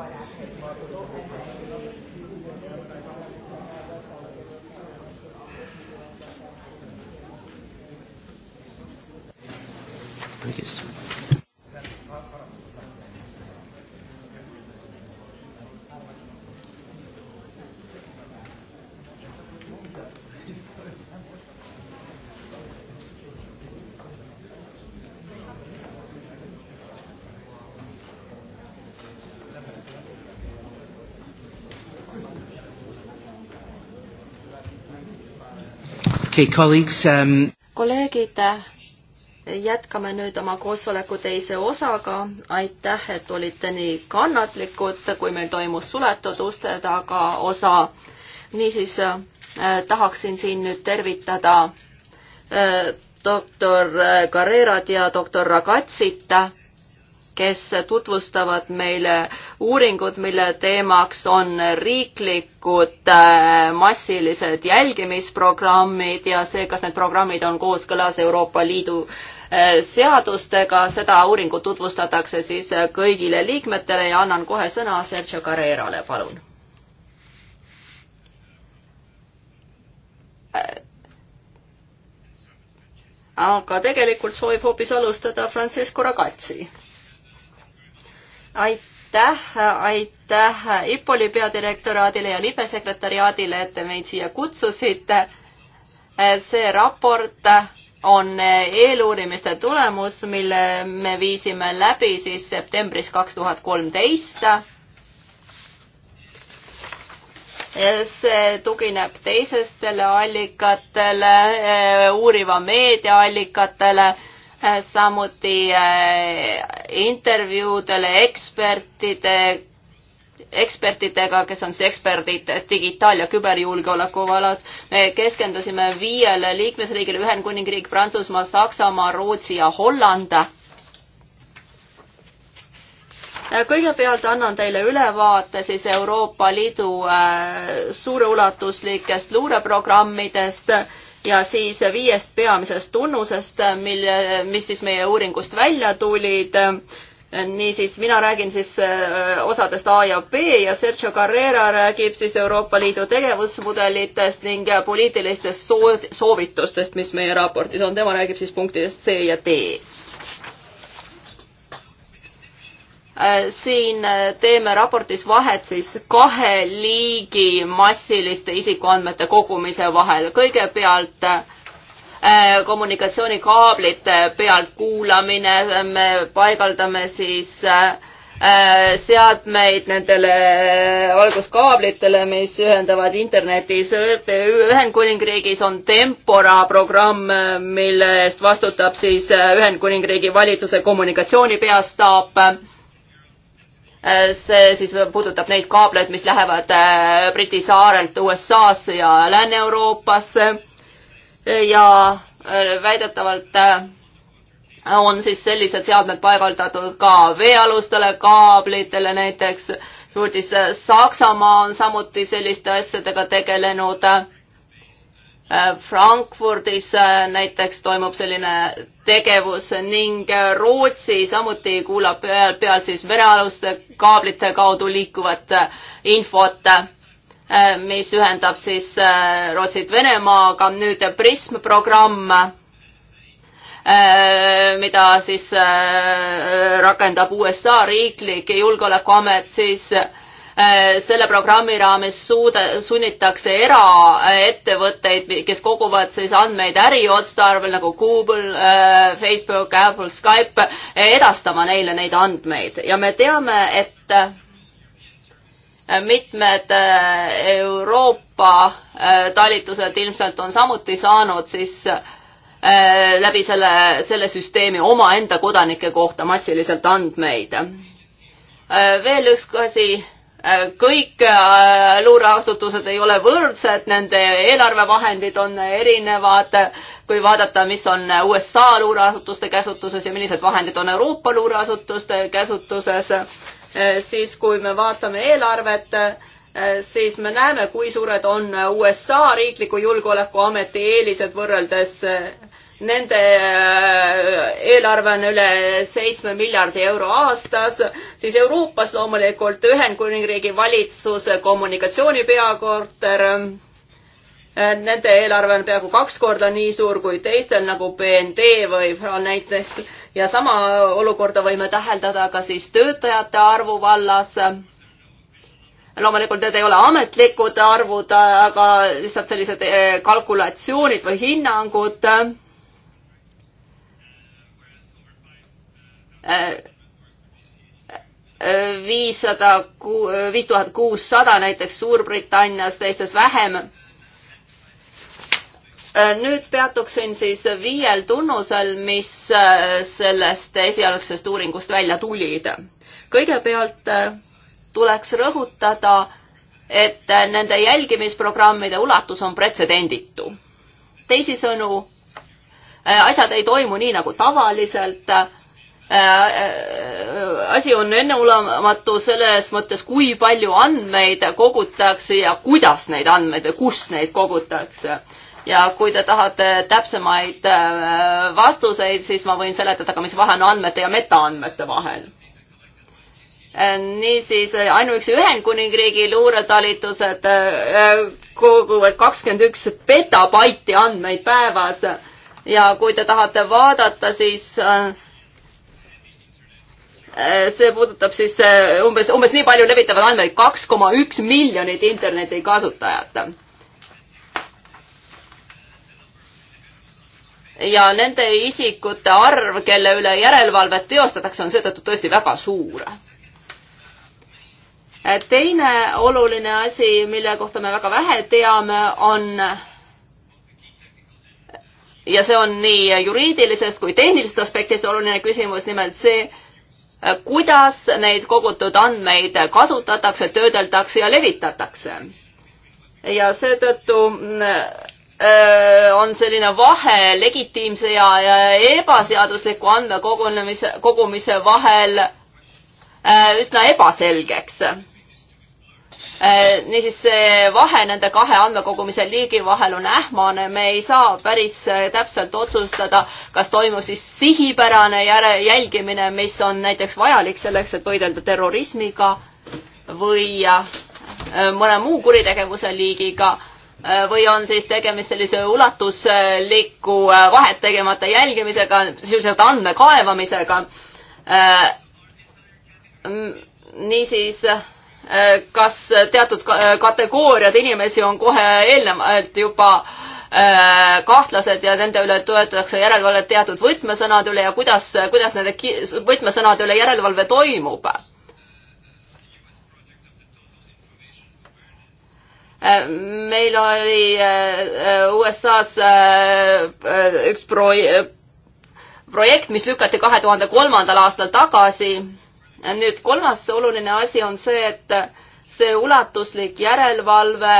baráthoz tartozó emberi Okay, colleagues, um... kolleegid, jätkame nüüd oma koosoleku teise osaga. aitäh, et olite nii kannatlikud, kui meil toimus suletud uste taga osa. niisiis äh, tahaksin siin nüüd tervitada äh, doktor Carrerat ja doktor Ragatsit äh, kes tutvustavad meile uuringut, mille teemaks on riiklikud äh, massilised jälgimisprogrammid ja see, kas need programmid on kooskõlas Euroopa Liidu äh, seadustega, seda uuringut tutvustatakse siis äh, kõigile liikmetele ja annan kohe sõna Sergio Carrerale, palun. aga tegelikult soovib hoopis alustada Francesco Ragazzi aitäh, aitäh IPOL-i peadirektoraadile ja libesekretäriaadile, et te meid siia kutsusite. see raport on eeluurimiste tulemus, mille me viisime läbi siis septembris kaks tuhat kolmteist see tugineb teisestele allikatele, uuriva meedia allikatele Äh, samuti äh, intervjuudele ekspertide, ekspertidega, kes on siis eksperdid digitaal- ja küberjulgeoleku vallas. me keskendusime viiele liikmesriigile, Ühendkuningriik, Prantsusmaa, Saksamaa, Rootsi ja Holland äh, kõigepealt annan teile ülevaate siis Euroopa Liidu suureulatuslikest luureprogrammidest ja siis viiest peamisest tunnusest, mille, mis siis meie uuringust välja tulid. niisiis, mina räägin siis äh, osadest A ja B ja Sergio Carrera räägib siis Euroopa Liidu tegevusmudelitest ning poliitilistest soovitustest, mis meie raportis on, tema räägib siis punktidest C ja D Äh, siin äh, teeme raportis vahet siis kahe liigi massiliste isikuandmete kogumise vahel. kõigepealt äh, kommunikatsioonikaablite pealt kuulamine, me paigaldame siis seadmeid nendele valguskaablitele, mis ühendavad internetis. Ühendkuningriigis on Tempora programm, mille eest vastutab siis Ühendkuningriigi valitsuse kommunikatsiooni peastaap Äh, see siis puudutab neid kaableid, mis lähevad äh, Briti saarelt USA-sse ja Lääne-Euroopasse ja äh, väidetavalt on siis sellised seadmed paigaldatud ka veealustele kaablitele näiteks. juurdis Saksamaa on samuti selliste asjadega tegelenud Äh, Frankfurdis äh, näiteks toimub selline tegevus ning äh, Rootsi samuti kuulab pealt, pealt siis verealuste kaablite kaudu liikuvat infot, mis ühendab siis Rootsit Venemaaga. nüüd Prism programm, mida siis rakendab USA riiklik julgeolekuamet, siis Äh, selle programmi raames suuda, sunnitakse eraettevõtteid, kes koguvad siis andmeid äriotstarbel nagu Google, äh, Facebook, Apple, Skype, edastama neile neid andmeid ja me teame, et äh, mitmed Euroopa talitused ilmselt on samuti saanud siis läbi selle, selle süsteemi omaenda kodanike kohta massiliselt andmeid. veel üks asi Äh, kõik äh, luureasutused ei ole võrdsed, nende eelarvevahendid on erinevad, kui vaadata, mis on USA luureasutuste käsutuses ja millised vahendid on Euroopa luureasutuste käsutuses, äh, siis kui me vaatame eelarvet, siis me näeme, kui suured on USA riikliku julgeolekuameti eelised võrreldes Nende äh, eelarve on üle seitsme miljardi euro aastas, siis Euroopas loomulikult Ühendkuningriigi valitsuse kommunikatsioonipeakorter. Äh, nende eelarve on peaaegu kaks korda nii suur kui teistel nagu BND või näiteks ja sama olukorda võime täheldada ka siis töötajate arvu vallas loomulikult need ei ole ametlikud arvud, aga lihtsalt sellised äh, kalkulatsioonid või hinnangud. viissada, viis tuhat kuussada näiteks Suurbritannias, teistes vähem. nüüd peatuksin siis viiel tunnusel, mis äh, sellest esialgsest uuringust välja tulid. kõigepealt äh, tuleks rõhutada, et äh, nende jälgimisprogrammide ulatus on pretsedenditu. teisisõnu, asjad ei toimu nii nagu tavaliselt Äh, äh, asi on enneolematu selles mõttes, kui palju andmeid kogutakse ja kuidas neid andmeid ja kus neid kogutakse. ja kui te tahate täpsemaid äh, vastuseid, siis ma võin seletada ka, mis vahe on andmete ja metaandmete vahel. niisiis ainuüksi Ühendkuningriigi luuretalitused koguvad kakskümmend üks petabaiti andmeid päevas ja kui te tahate vaadata, siis äh, Eh, see puudutab siis eh, umbes, umbes nii palju levitavad andmeid, kaks koma üks miljonit interneti kasutajat. ja nende isikute arv, kelle üle järelevalvet teostatakse, on seetõttu tõesti väga suur. Eh, teine oluline asi, mille kohta me väga vähe teame, on ja see on nii juriidilisest kui tehnilisest aspektist oluline küsimus, nimelt see, kuidas neid kogutud andmeid kasutatakse, töödeldakse ja levitatakse. ja seetõttu mm, äh, on selline vahe legitiimse ja, ja ebaseadusliku andmekogunemise, kogumise vahel äh, üsna ebaselgeks Äh, niisiis see vahe nende kahe andmekogumise liigi vahel on ähmane, me ei saa päris äh, täpselt otsustada, kas toimus siis sihipärane järe, jälgimine, mis on näiteks vajalik selleks, et võidelda terrorismiga või äh, mõne muu kuritegevuse liigiga või on siis tegemist sellise ulatusliku vahet tegemata jälgimisega, sisuliselt andme kaevamisega. niisiis Eh, kas teatud eh, kategooriad inimesi on kohe eelnevalt juba eh, kahtlased ja nende üle toetatakse järelevalvet teatud võtmesõnade üle ja kuidas, kuidas nende võtmesõnade üle järelevalve toimub meil oli USA-s üks pro-, projekt, mis lükati kahe tuhande kolmandal aastal tagasi nüüd kolmas oluline asi on see, et see ulatuslik järelevalve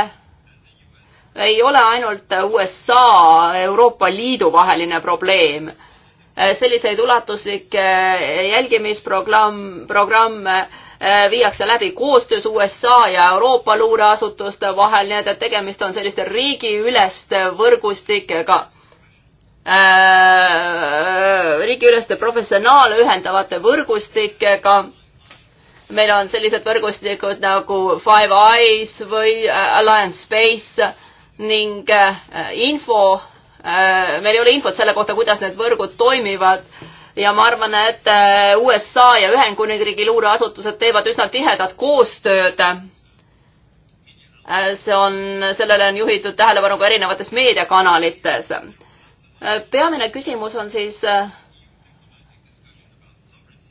ei ole ainult USA, Euroopa Liidu vaheline probleem. selliseid ulatuslikke jälgimisprogramm, programme eh, viiakse läbi koostöös USA ja Euroopa luureasutuste vahel, nii et, et tegemist on selliste riigiüleste võrgustikega Äh, riigiüleste professionaale ühendavate võrgustikega. meil on sellised võrgustikud nagu Five Eyes või äh, Alliance Space ning äh, info, meil ei ole infot selle kohta, kuidas need võrgud toimivad ja ma arvan, et USA ja Ühendkuningriigi luureasutused teevad üsna tihedat koostööd. see on, sellele on juhitud tähelepanu ka erinevates meediakanalites peamine küsimus on siis äh,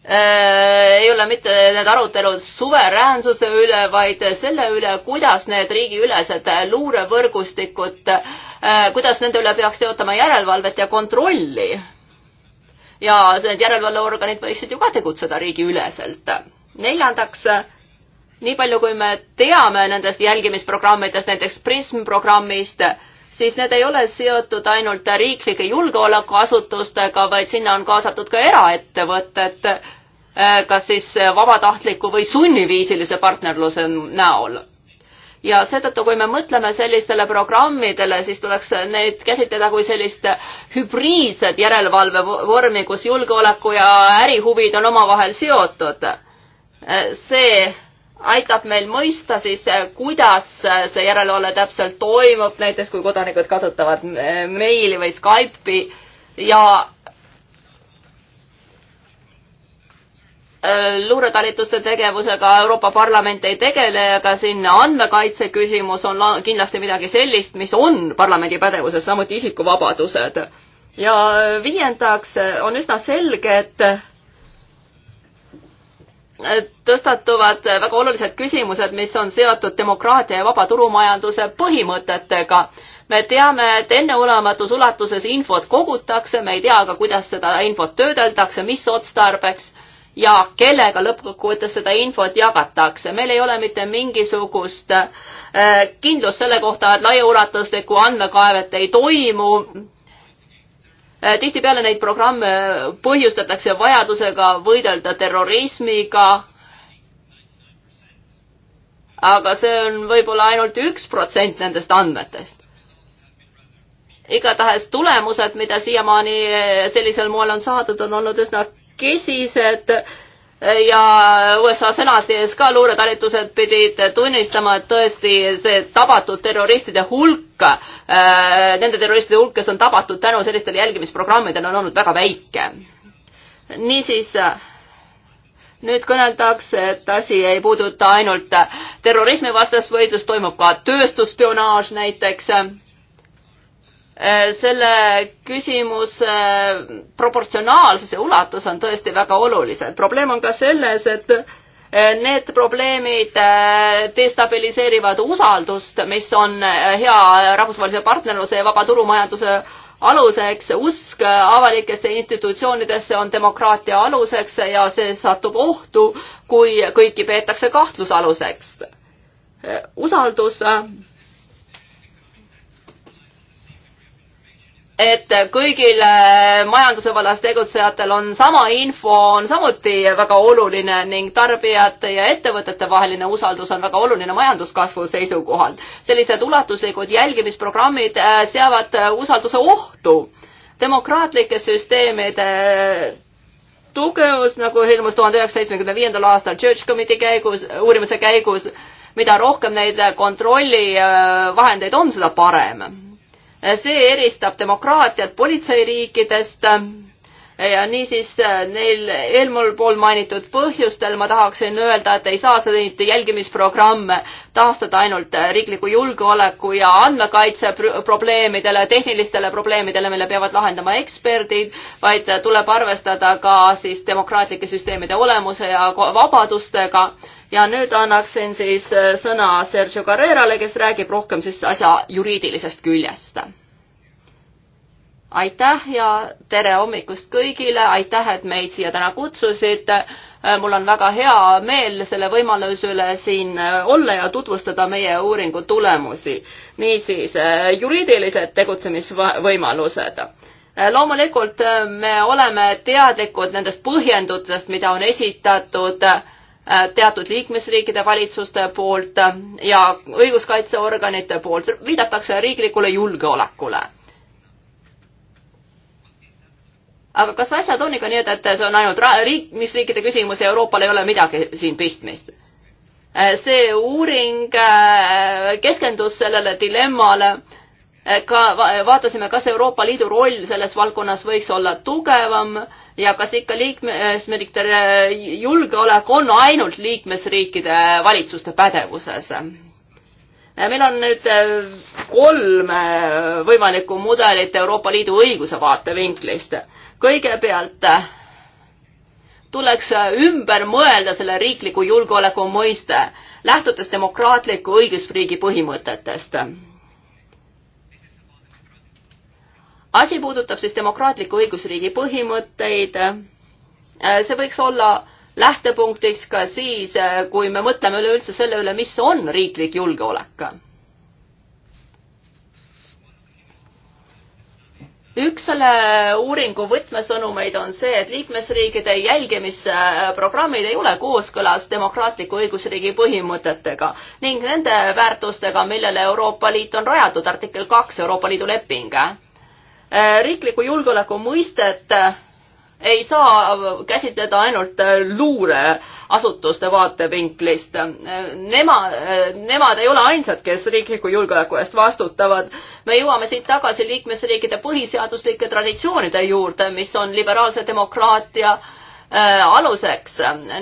ei ole mitte need arutelud suveräänsuse üle, vaid selle üle, kuidas need riigiülesed luurevõrgustikud, äh, kuidas nende üle peaks teotama järelevalvet ja kontrolli. ja need järelevalveorganid võiksid ju ka tegutseda riigiüleselt. neljandaks, nii palju kui me teame nendest jälgimisprogrammidest, näiteks PRISM programmist, siis need ei ole seotud ainult riiklike julgeolekuasutustega, vaid sinna on kaasatud ka eraettevõtted, eh, kas siis vabatahtliku või sunniviisilise partnerluse näol ja seetõttu, kui me mõtleme sellistele programmidele, siis tuleks neid käsitleda kui sellist hübriidset järelevalvevormi, kus julgeoleku ja ärihuvid on omavahel seotud. Eh, see aitab meil mõista siis, eh, kuidas eh, see järelevalve täpselt toimub, näiteks kui kodanikud kasutavad eh, meili või Skype'i ja luuretalituste tegevusega Euroopa Parlament ei tegele, aga siin andmekaitse küsimus on kindlasti midagi sellist, mis on parlamendi pädevuses, samuti isikuvabadused. ja viiendaks on üsna selge, et tõstatuvad väga olulised küsimused, mis on seotud demokraatia ja vaba turumajanduse põhimõtetega. me teame, et enneolematus ulatuses infot kogutakse, me ei tea aga, kuidas seda infot töödeldakse, mis otstarbeks ja kellega lõppkokkuvõttes seda infot jagatakse. meil ei ole mitte mingisugust äh, kindlust selle kohta, et laiaulatuslikku andmekaevet ei toimu Äh, tihtipeale neid programme äh, põhjustatakse vajadusega võidelda terrorismiga, aga see on võib-olla ainult üks protsent nendest andmetest. igatahes tulemused, mida siiamaani äh, sellisel moel on saadud, on olnud üsna kesised ja USA senati ees ka luuretalitused pidid tunnistama, et tõesti see tabatud terroristide hulk, äh, nende terroristide hulk, kes on tabatud tänu sellistele jälgimisprogrammidele, on olnud väga väike. niisiis, nüüd kõneldakse, et asi ei puuduta ainult terrorismivastast võitlust, toimub ka tööstusspionaaž näiteks Äh, selle küsimuse äh, proportsionaalsus ja ulatus on tõesti väga olulised. probleem on ka selles, et äh, need probleemid destabiliseerivad usaldust, mis on hea rahvusvahelise partnerluse ja vaba turumajanduse aluseks, usk avalikesse institutsioonidesse on demokraatia aluseks ja see satub ohtu, kui kõiki peetakse kahtlusaluseks. usaldus et kõigil äh, majanduse vallas tegutsejatel on sama info, on samuti väga oluline ning tarbijate ja ettevõtete vaheline usaldus on väga oluline majanduskasvu seisukohalt. sellised ulatuslikud jälgimisprogrammid äh, seavad äh, usalduse ohtu. demokraatlike süsteemide tugevus, nagu ilmus tuhande üheksasaja seitsmekümne viiendal aastal Church Committee käigus, uurimuse käigus, mida rohkem neid kontrollivahendeid on, seda parem see eristab demokraatiat politseiriikidest ja niisiis neil eelmul pool mainitud põhjustel ma tahaksin öelda, et ei saa neid jälgimisprogramme taastada ainult riikliku julgeoleku ja andmekaitse probleemidele, tehnilistele probleemidele, mille peavad lahendama eksperdid, vaid tuleb arvestada ka siis demokraatlike süsteemide olemuse ja vabadustega ja nüüd annaksin siis äh, sõna Sergio Carrerale, kes räägib rohkem siis asja juriidilisest küljest. aitäh ja tere hommikust kõigile, aitäh, et meid siia täna kutsusite. Äh, mul on väga hea meel selle võimaluse üle siin äh, olla ja tutvustada meie uuringu tulemusi. niisiis, juriidilised tegutsemisvõimalused loomulikult me oleme teadlikud nendest põhjendustest, mida on esitatud äh, Äh, teatud liikmesriikide valitsuste poolt ja õiguskaitseorganite poolt, viidatakse riiklikule julgeolekule. aga kas asjad on ikka nii, et, et see on ainult riik, mis riikide küsimus ja Euroopal ei ole midagi siin pistmist? Äh, see uuring äh, keskendus sellele dilemmale ka vaatasime, kas Euroopa Liidu roll selles valdkonnas võiks olla tugevam ja kas ikka liikmesriikide julgeolek on ainult liikmesriikide valitsuste pädevuses. meil on nüüd äh, kolm äh, võimalikku mudelit Euroopa Liidu õiguse vaatevinklist. kõigepealt äh, tuleks ümber mõelda selle riikliku julgeoleku mõiste, lähtudes demokraatliku õigusriigi põhimõtetest asi puudutab siis demokraatliku õigusriigi põhimõtteid. see võiks olla lähtepunktiks ka siis, kui me mõtleme üleüldse selle üle, mis on riiklik julgeolek. üks selle uuringu võtmesõnumeid on see, et liikmesriikide jälgimisprogrammid ei ole kooskõlas demokraatliku õigusriigi põhimõtetega ning nende väärtustega, millele Euroopa Liit on rajatud, artikkel kaks Euroopa Liidu leping Eh, riikliku julgeoleku mõistet eh, ei saa käsitleda ainult eh, luureasutuste vaatevinklist. Nemad, nemad ei ole ainsad, kes riikliku julgeoleku eest vastutavad. me jõuame siit tagasi liikmesriikide põhiseaduslike traditsioonide juurde, mis on liberaalse demokraatia aluseks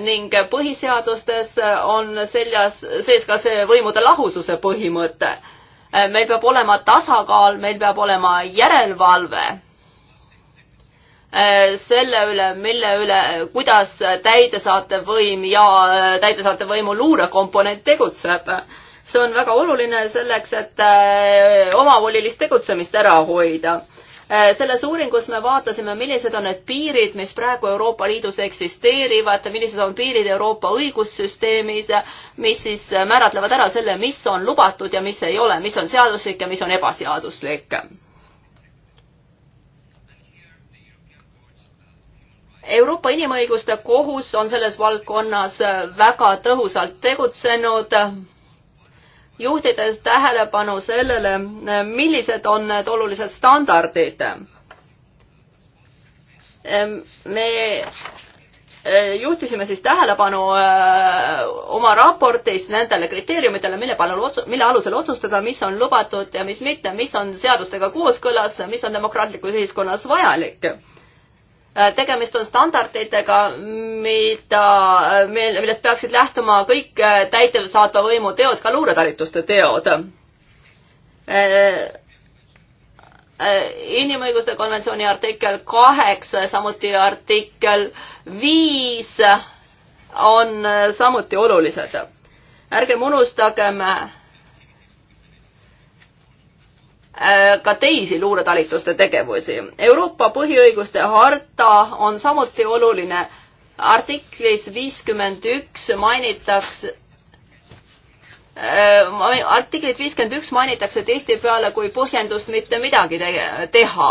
ning põhiseadustes on seljas, sees ka see võimude lahususe põhimõte Äh, meil peab olema tasakaal, meil peab olema järelevalve äh, selle üle, mille üle, kuidas täidesaatev võim ja äh, täidesaatev võimu luurekomponent tegutseb. see on väga oluline selleks, et omavolilist tegutsemist ära hoida Äh, selles uuringus me vaatasime, millised on need piirid, mis praegu Euroopa Liidus eksisteerivad, millised on piirid Euroopa õigussüsteemis, mis siis määratlevad ära selle, mis on lubatud ja mis ei ole, mis on seaduslik ja mis on ebaseaduslik. Euroopa Inimõiguste Kohus on selles valdkonnas väga tõhusalt tegutsenud juhtides tähelepanu sellele, millised on need olulised standardid. me e, juhtisime siis tähelepanu e, oma raportis nendele kriteeriumidele, mille palun, mille alusel otsustada, mis on lubatud ja mis mitte, mis on seadustega kooskõlas, mis on demokraatlikus ühiskonnas vajalik Äh, tegemist on standarditega, mida, äh, mil, millest peaksid lähtuma kõik äh, täitevsaatva võimu teod, ka luuretalituste teod. inimõiguste konventsiooni artikkel kaheksa, samuti artikkel viis on samuti olulised. ärgem unustagem Äh, ka teisi luuretalituste tegevusi. Euroopa põhiõiguste harta on samuti oluline. artiklis viiskümmend üks mainitakse äh, artiklit viiskümmend üks mainitakse tihtipeale kui põhjendust mitte midagi tege, teha.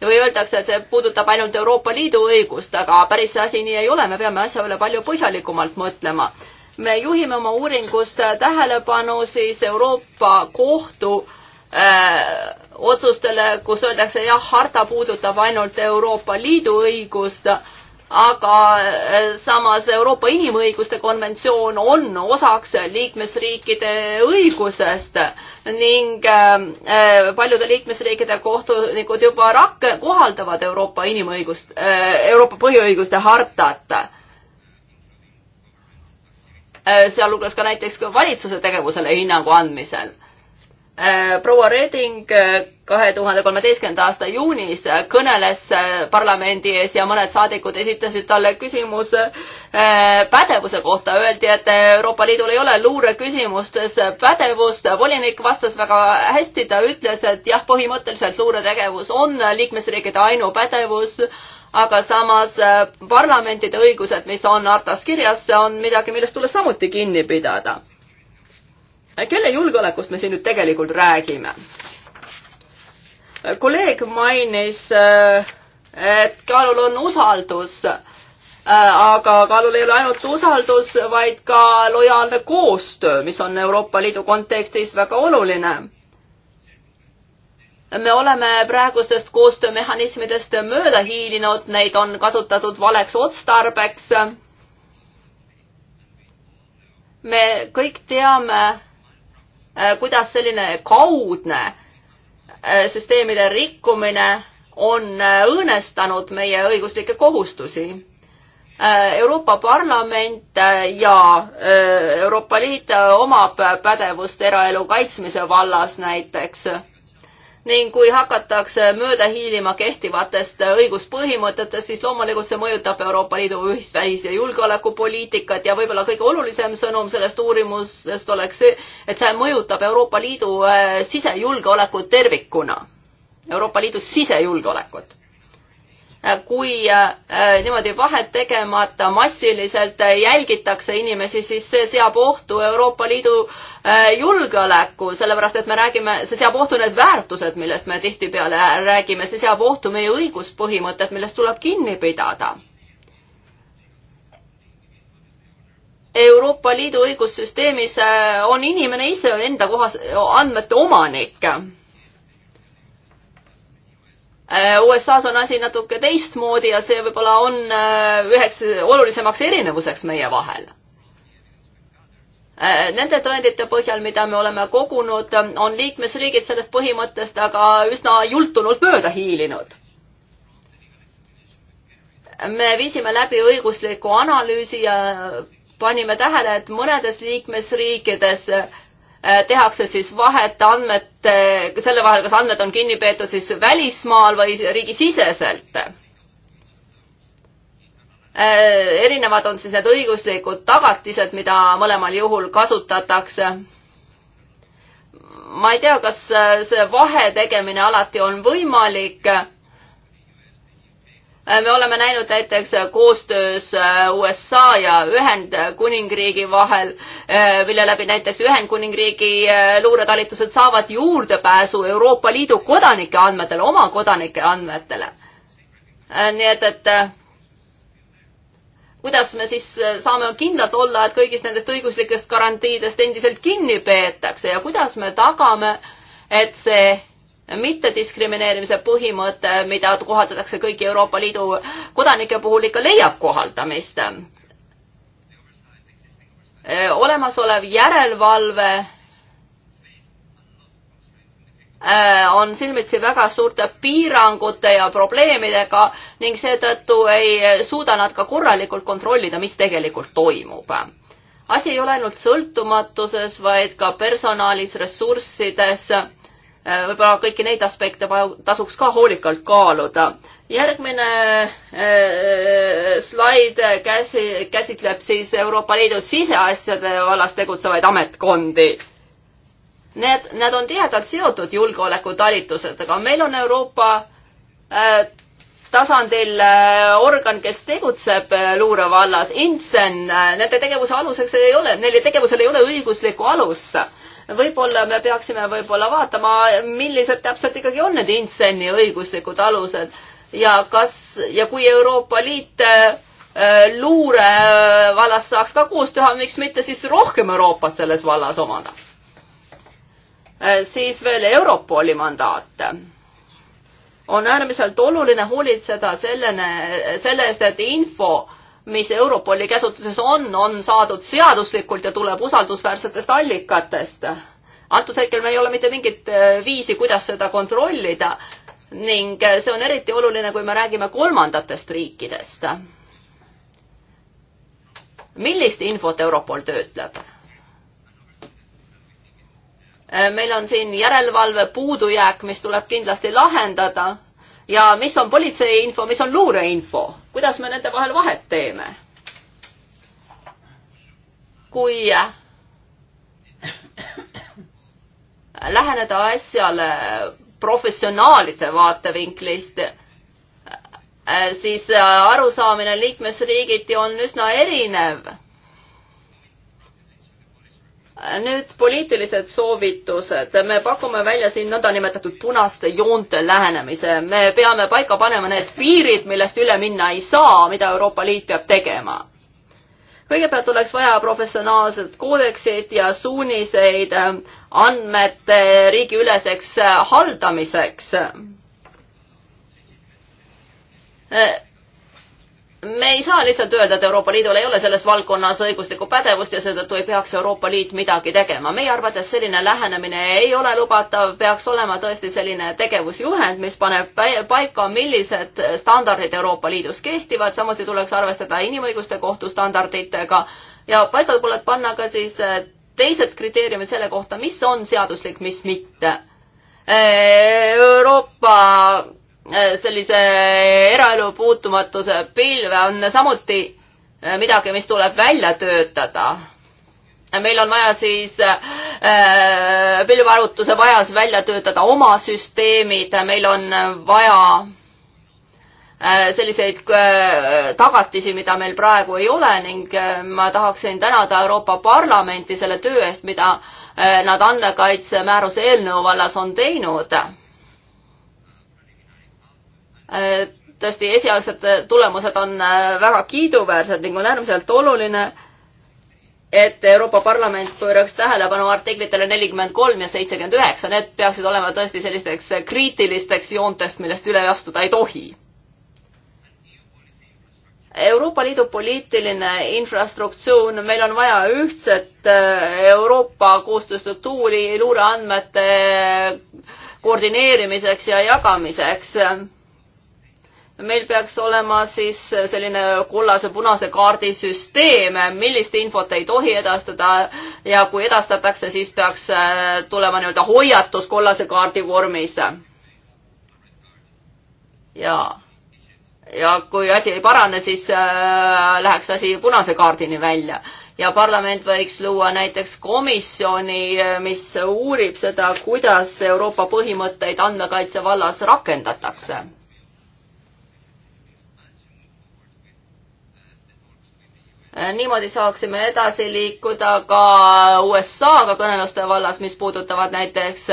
või öeldakse, et see puudutab ainult Euroopa Liidu õigust, aga päris see asi nii ei ole, me peame asja üle palju põhjalikumalt mõtlema. me juhime oma uuringust tähelepanu siis Euroopa Kohtu Äh, otsustele, kus öeldakse jah, harta puudutab ainult Euroopa Liidu õigust, aga äh, samas Euroopa Inimõiguste konventsioon on osaks liikmesriikide õigusest ning äh, paljude liikmesriikide kohtunikud juba rak-, kohaldavad Euroopa inimõigust, Euroopa põhiõiguste hartat. sealhulgas ka näiteks ka valitsuse tegevusele hinnangu andmisel Äh, proua Reding äh, kahe tuhande kolmeteistkümnenda aasta juunis äh, kõneles parlamendi ees ja mõned saadikud esitasid talle küsimuse pädevuse kohta. Öeldi, et Euroopa Liidul ei ole luureküsimustes pädevust. volinik vastas väga hästi, ta ütles, et jah, põhimõtteliselt luuretegevus on liikmesriikide ainupädevus, aga samas parlamentide õigused, mis on hartas kirjas, on midagi, millest tuleb samuti kinni pidada kelle julgeolekust me siin nüüd tegelikult räägime? kolleeg mainis, et kaalul on usaldus, aga kaalul ei ole ainult usaldus, vaid ka lojaalne koostöö, mis on Euroopa Liidu kontekstis väga oluline me oleme praegustest koostöömehhanismidest mööda hiilinud, neid on kasutatud valeks otstarbeks. me kõik teame, Äh, kuidas selline kaudne äh, süsteemide rikkumine on äh, õõnestanud meie õiguslikke kohustusi. Euroopa Parlament ja Euroopa Liit omab pädevust eraelu kaitsmise vallas näiteks ning kui hakatakse mööda hiilima kehtivatest õiguspõhimõtetest, siis loomulikult see mõjutab Euroopa Liidu ühist välis- ja julgeolekupoliitikat ja võib-olla kõige olulisem sõnum sellest uurimusest oleks see, et see mõjutab Euroopa Liidu äh, sisejulgeolekut tervikuna. Euroopa Liidu sisejulgeolekut kui äh, niimoodi vahet tegemata massiliselt äh, jälgitakse inimesi, siis see seab ohtu Euroopa Liidu äh, julgeoleku, sellepärast et me räägime, see seab ohtu need väärtused, millest me tihtipeale räägime, see seab ohtu meie õiguspõhimõtted, millest tuleb kinni pidada. Euroopa Liidu õigussüsteemis on inimene ise enda kohas andmete omanik Äh, USA-s on asi natuke teistmoodi ja see võib-olla on äh, üheks olulisemaks erinevuseks meie vahel. Äh, nende tõendite põhjal, mida me oleme kogunud, on liikmesriigid sellest põhimõttest aga üsna jultunult mööda hiilinud. me viisime läbi õigusliku analüüsi ja panime tähele, et mõnedes liikmesriikides äh, Äh, tehakse siis vahet andmete, selle vahel, kas andmed on kinni peetud siis välismaal või riigisiseselt. Äh, erinevad on siis need õiguslikud tagatised, mida mõlemal juhul kasutatakse. ma ei tea, kas äh, see vahe tegemine alati on võimalik Äh, me oleme näinud näiteks äh, koostöös äh, USA ja Ühendkuningriigi vahel, mille läbi näiteks Ühendkuningriigi luuretalitused saavad juurdepääsu Euroopa Liidu kodanike andmetele, oma kodanike andmetele. nii et, et kuidas me siis saame kindlad olla, et kõigist nendest õiguslikest garantiidest endiselt kinni peetakse ja kuidas me tagame, et see mittediskrimineerimise põhimõte, mida kohaldatakse kõigi Euroopa Liidu kodanike puhul, ikka leiab kohaldamist. olemasolev järelevalve äh, on silmitsi väga suurte piirangute ja probleemidega ning seetõttu ei suuda nad ka korralikult kontrollida, mis tegelikult toimub. asi ei ole ainult sõltumatuses, vaid ka personalis, ressurssides Äh, võib-olla kõiki neid aspekte tasuks ka hoolikalt kaaluda. järgmine äh, slaid käsi, käsitleb siis Euroopa Liidu siseasjade vallas tegutsevaid ametkondi. Need, need on tihedalt seotud julgeolekutalitusega. meil on Euroopa äh, tasandil äh, organ, kes tegutseb äh, luure vallas, Intsen, nende tegevuse aluseks ei ole, neile tegevusel ei ole õiguslikku alust võib-olla me peaksime võib-olla vaatama, millised täpselt ikkagi on need Inseni õiguslikud alused ja kas ja kui Euroopa Liit äh, luure vallas saaks ka koos teha, miks mitte siis rohkem Euroopat selles vallas omada. Äh, siis veel Europoli mandaat. on äärmiselt oluline hoolitseda sellene, selle eest, et info mis Europoli käsutuses on, on saadud seaduslikult ja tuleb usaldusväärsetest allikatest. antud hetkel meil ei ole mitte mingit äh, viisi, kuidas seda kontrollida ning äh, see on eriti oluline, kui me räägime kolmandatest riikidest. millist infot Europol töötleb? Äh, meil on siin järelevalve puudujääk, mis tuleb kindlasti lahendada ja mis on politsei info, mis on luureinfo, kuidas me nende vahel vahet teeme? kui äh, läheneda asjale professionaalide vaatevinklist, äh, siis äh, arusaamine liikmesriigiti on üsna erinev nüüd poliitilised soovitused, me pakume välja siin nõndanimetatud punaste joonte lähenemise, me peame paika panema need piirid, millest üle minna ei saa, mida Euroopa Liit peab tegema. kõigepealt oleks vaja professionaalset koodeksit ja suuniseid ähm, andmete riigiüleseks äh, haldamiseks äh, me ei saa lihtsalt öelda, et Euroopa Liidul ei ole selles valdkonnas õiguslikku pädevust ja seetõttu ei peaks Euroopa Liit midagi tegema. meie arvates selline lähenemine ei ole lubatav, peaks olema tõesti selline tegevusjuhend, mis paneb paika, millised standardid Euroopa Liidus kehtivad, samuti tuleks arvestada inimõiguste kohtu standarditega ja paika tuleb panna ka siis eh, teised kriteeriumid selle kohta, mis on seaduslik, mis mitte eh, Euroopa Äh, sellise eraelu puutumatuse pilve on samuti äh, midagi, mis tuleb välja töötada meil on vaja siis äh, pilvearvutuse vajas välja töötada oma süsteemid, meil on vaja äh, selliseid äh, tagatisi, mida meil praegu ei ole ning äh, ma tahaksin tänada Euroopa Parlamenti selle töö eest, mida nad andmekaitsemääruse eelnõu vallas on teinud Äh, tõesti, esialgsed äh, tulemused on äh, väga kiiduväärsed ning on äärmiselt oluline, et Euroopa Parlament pööraks tähelepanu artiklitele nelikümmend kolm ja seitsekümmend üheksa, need peaksid olema tõesti sellisteks kriitilisteks joontest, millest üle astuda ei tohi. Euroopa Liidu poliitiline infrastruktuur, meil on vaja ühtset Euroopa koostööstruktuuri luureandmete koordineerimiseks ja jagamiseks meil peaks olema siis selline kollase-punase kaardi süsteem, millist infot ei tohi edastada ja kui edastatakse, siis peaks äh, tulema nii-öelda hoiatus kollase kaardi vormis. ja, ja kui asi ei parane, siis äh, läheks asi punase kaardini välja ja parlament võiks luua näiteks komisjoni, äh, mis uurib seda, kuidas Euroopa põhimõtteid andmekaitse vallas rakendatakse Äh, niimoodi saaksime edasi liikuda ka USA-ga kõneluste vallas, mis puudutavad näiteks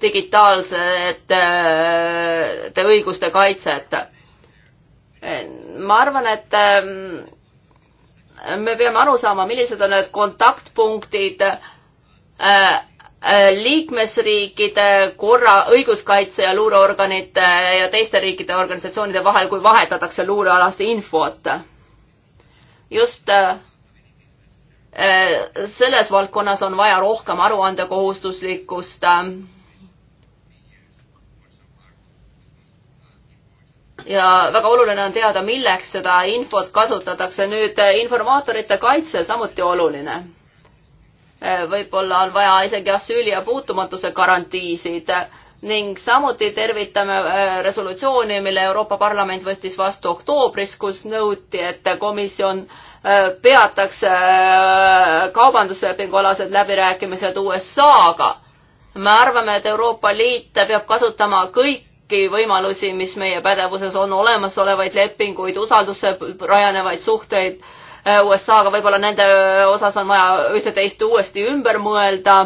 digitaalsete äh, õiguste kaitset. Äh, ma arvan, et ähm, me peame aru saama, millised on need kontaktpunktid liikmesriikide korra, õiguskaitse ja luureorganite ja teiste riikide organisatsioonide vahel, kui vahetatakse luurealast infot just äh, selles valdkonnas on vaja rohkem aruandekohustuslikkust. Äh. ja väga oluline on teada, milleks seda infot kasutatakse. nüüd äh, informaatorite kaitse samuti oluline. võib-olla on vaja isegi asüüli ja puutumatuse garantiisid ning samuti tervitame äh, resolutsiooni, mille Euroopa Parlament võttis vastu oktoobris, kus nõuti, et komisjon äh, peataks äh, kaubanduslepingualased läbirääkimised USA-ga. me arvame, et Euroopa Liit peab kasutama kõiki võimalusi, mis meie pädevuses on, olemasolevaid lepinguid, usalduse rajanevaid suhteid USA-ga, võib-olla nende osas on vaja ühte-teist uuesti ümber mõelda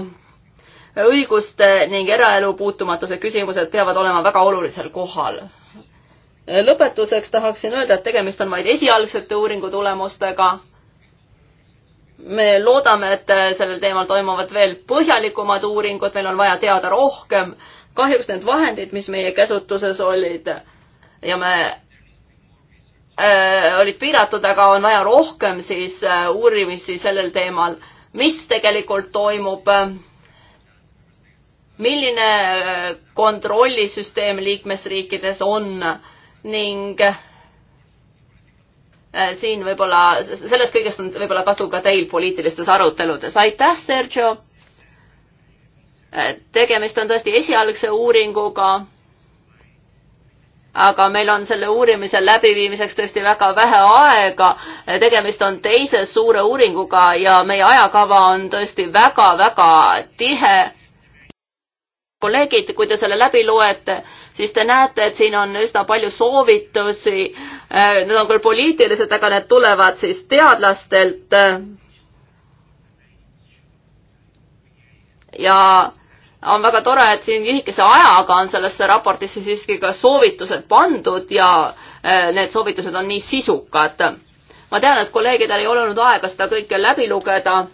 õiguste ning eraelu puutumatuse küsimused peavad olema väga olulisel kohal. lõpetuseks tahaksin öelda, et tegemist on vaid esialgsete uuringu tulemustega. me loodame, et sellel teemal toimuvad veel põhjalikumad uuringud, meil on vaja teada rohkem. kahjuks need vahendid, mis meie käsutuses olid ja me äh, olid piiratud, aga on vaja rohkem siis äh, uurimisi sellel teemal, mis tegelikult toimub äh, milline äh, kontrollisüsteem liikmesriikides on ning äh, siin võib-olla, sellest kõigest on võib-olla kasu ka teil poliitilistes aruteludes. aitäh, Sergio! tegemist on tõesti esialgse uuringuga, aga meil on selle uurimise läbiviimiseks tõesti väga vähe aega. tegemist on teise suure uuringuga ja meie ajakava on tõesti väga-väga tihe kolleegid, kui te selle läbi loete, siis te näete, et siin on üsna palju soovitusi. Äh, need on küll poliitilised, aga need tulevad siis teadlastelt. ja on väga tore, et siin lühikese ajaga on sellesse raportisse siiski ka soovitused pandud ja äh, need soovitused on nii sisukad. ma tean, et kolleegidel ei olnud aega seda kõike läbi lugeda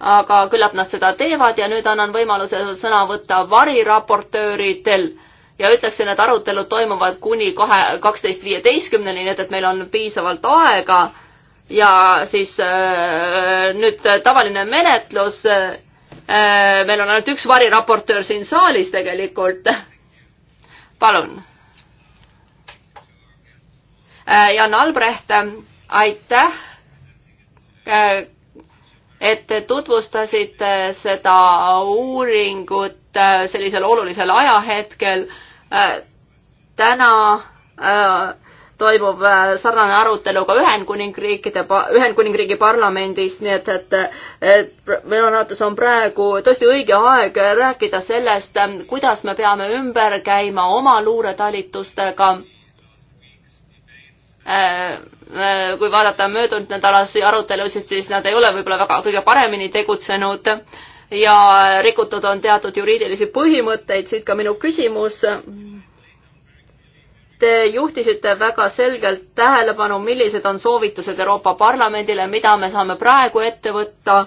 aga küllap nad seda teevad ja nüüd annan võimaluse sõna võtta variraportööridel ja ütleksin, et arutelud toimuvad kuni kahe, kaksteist viieteistkümneni, nii et, et meil on piisavalt aega ja siis äh, nüüd tavaline menetlus äh,. meil on ainult üks variraportöör siin saalis tegelikult. palun äh,. Jan Albrecht, aitäh äh, et te tutvustasite seda uuringut äh, sellisel olulisel ajahetkel. Äh, täna äh, toimub sarnane arutelu ka Ühendkuningriikide, Ühendkuningriigi parlamendis, nii et, et, et minu arvates on praegu tõesti õige aeg rääkida sellest, kuidas me peame ümber käima oma luuretalitustega Äh, kui vaadata möödunud nädalasi arutelusid, siis nad ei ole võib-olla väga kõige paremini tegutsenud ja rikutud on teatud juriidilisi põhimõtteid, siit ka minu küsimus. Te juhtisite väga selgelt tähelepanu, millised on soovitused Euroopa Parlamendile, mida me saame praegu ette võtta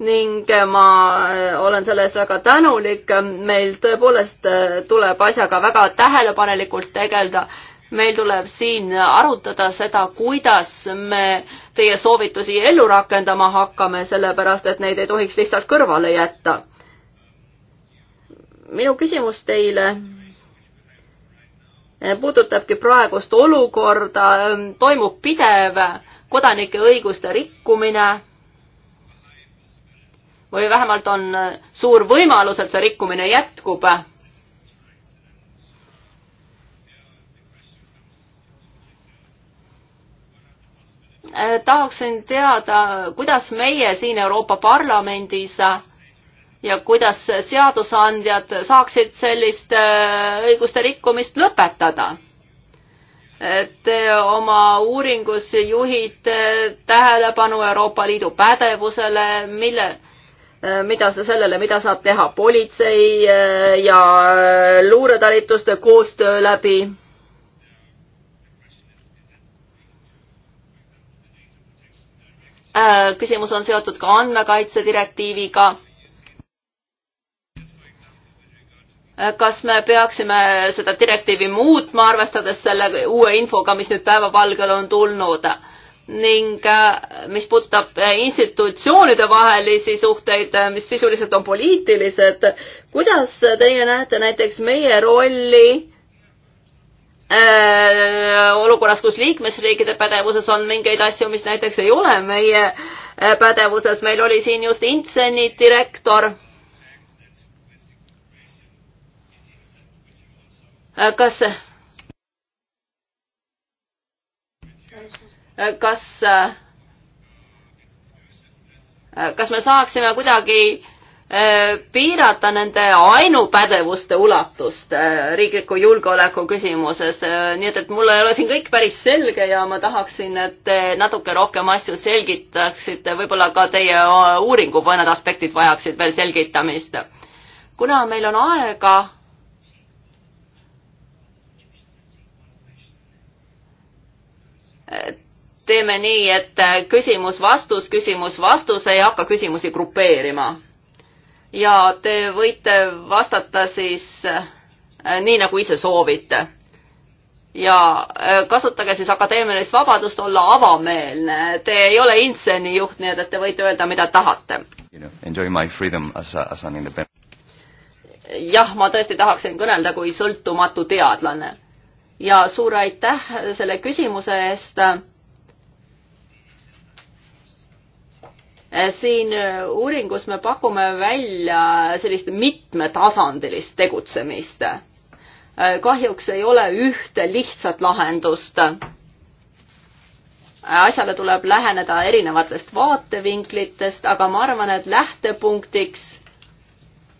ning ma äh, olen selle eest väga tänulik. meil tõepoolest äh, tuleb asjaga väga tähelepanelikult tegeleda meil tuleb siin arutada seda, kuidas me teie soovitusi ellu rakendama hakkame, sellepärast et neid ei tohiks lihtsalt kõrvale jätta. minu küsimus teile puudutabki praegust olukorda, toimub pidev kodanike õiguste rikkumine või vähemalt on suur võimalus, et see rikkumine jätkub Äh, tahaksin teada, kuidas meie siin Euroopa Parlamendis äh, ja kuidas seadusandjad saaksid sellist äh, õiguste rikkumist lõpetada. Te oma uuringus juhite tähelepanu Euroopa Liidu pädevusele, mille, mida sa sellele, mida saab teha politsei ja luuretalituste koostöö läbi Äh, küsimus on seotud ka andmekaitse direktiiviga. Äh, kas me peaksime seda direktiivi muutma, arvestades selle uue infoga, mis nüüd päevavalgele on tulnud? ning äh, mis puudutab institutsioonide vahelisi suhteid, mis sisuliselt on poliitilised, kuidas teie näete näiteks meie rolli Äh, olukorras, kus liikmesriikide pädevuses on mingeid asju, mis näiteks ei ole meie äh, pädevuses, meil oli siin just Intseni direktor. Äh, kas, kas, kas me saaksime kuidagi äh, Äh, piirata nende ainupädevuste ulatust äh, riikliku julgeoleku küsimuses. Äh, nii et, et mul ei ole siin kõik päris selge ja ma tahaksin, et te natuke rohkem asju selgitaksite, võib-olla ka teie uuringu mõned aspektid vajaksid veel selgitamist. kuna meil on aega, teeme nii, et küsimus-vastus, küsimus-vastus, ei hakka küsimusi grupeerima ja te võite vastata siis äh, nii, nagu ise soovite. ja äh, kasutage siis akadeemilist vabadust olla avameelne. Te ei ole Inseni juht, nii et, et te võite öelda, mida tahate. jah, ma tõesti tahaksin kõnelda kui sõltumatu teadlane. ja suur aitäh selle küsimuse eest Äh, siin äh, uuringus me pakume välja sellist mitmetasandilist tegutsemist. Äh, kahjuks ei ole ühte lihtsat lahendust. asjale tuleb läheneda erinevatest vaatevinklitest, aga ma arvan, et lähtepunktiks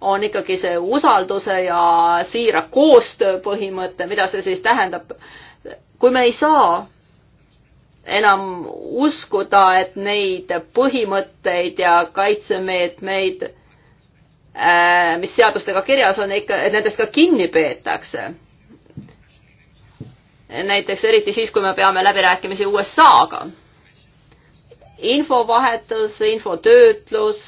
on ikkagi see usalduse ja siira koostöö põhimõte, mida see siis tähendab. kui me ei saa enam uskuda, et neid põhimõtteid ja kaitsemeetmeid, äh, mis seadustega kirjas on, ikka, et nendest ka kinni peetakse. näiteks eriti siis, kui me peame läbirääkimisi USA-ga. infovahetus, infotöötlus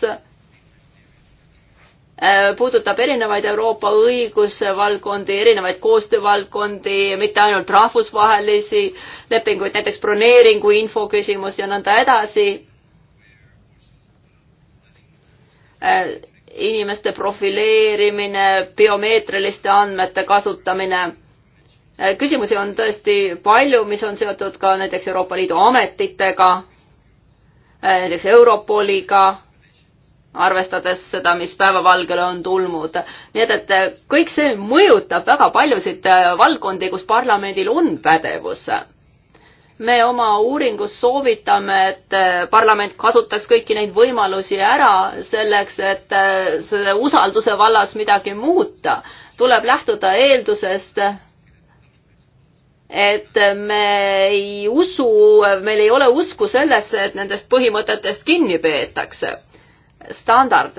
Äh, puudutab erinevaid Euroopa õigusvaldkondi, erinevaid koostöövaldkondi, mitte ainult rahvusvahelisi lepinguid, näiteks broneeringu infoküsimus ja nõnda edasi. Äh, inimeste profileerimine, biomeetriliste andmete kasutamine. Äh, küsimusi on tõesti palju, mis on seotud ka näiteks Euroopa Liidu ametitega, näiteks Europoliga arvestades seda, mis päevavalgele on tulnud. nii et, et kõik see mõjutab väga paljusid äh, valdkondi, kus parlamendil on pädevus. me oma uuringus soovitame, et äh, parlament kasutaks kõiki neid võimalusi ära selleks, et äh, selle usalduse vallas midagi muuta. tuleb lähtuda eeldusest, et me ei usu, meil ei ole usku sellesse, et nendest põhimõtetest kinni peetakse standard,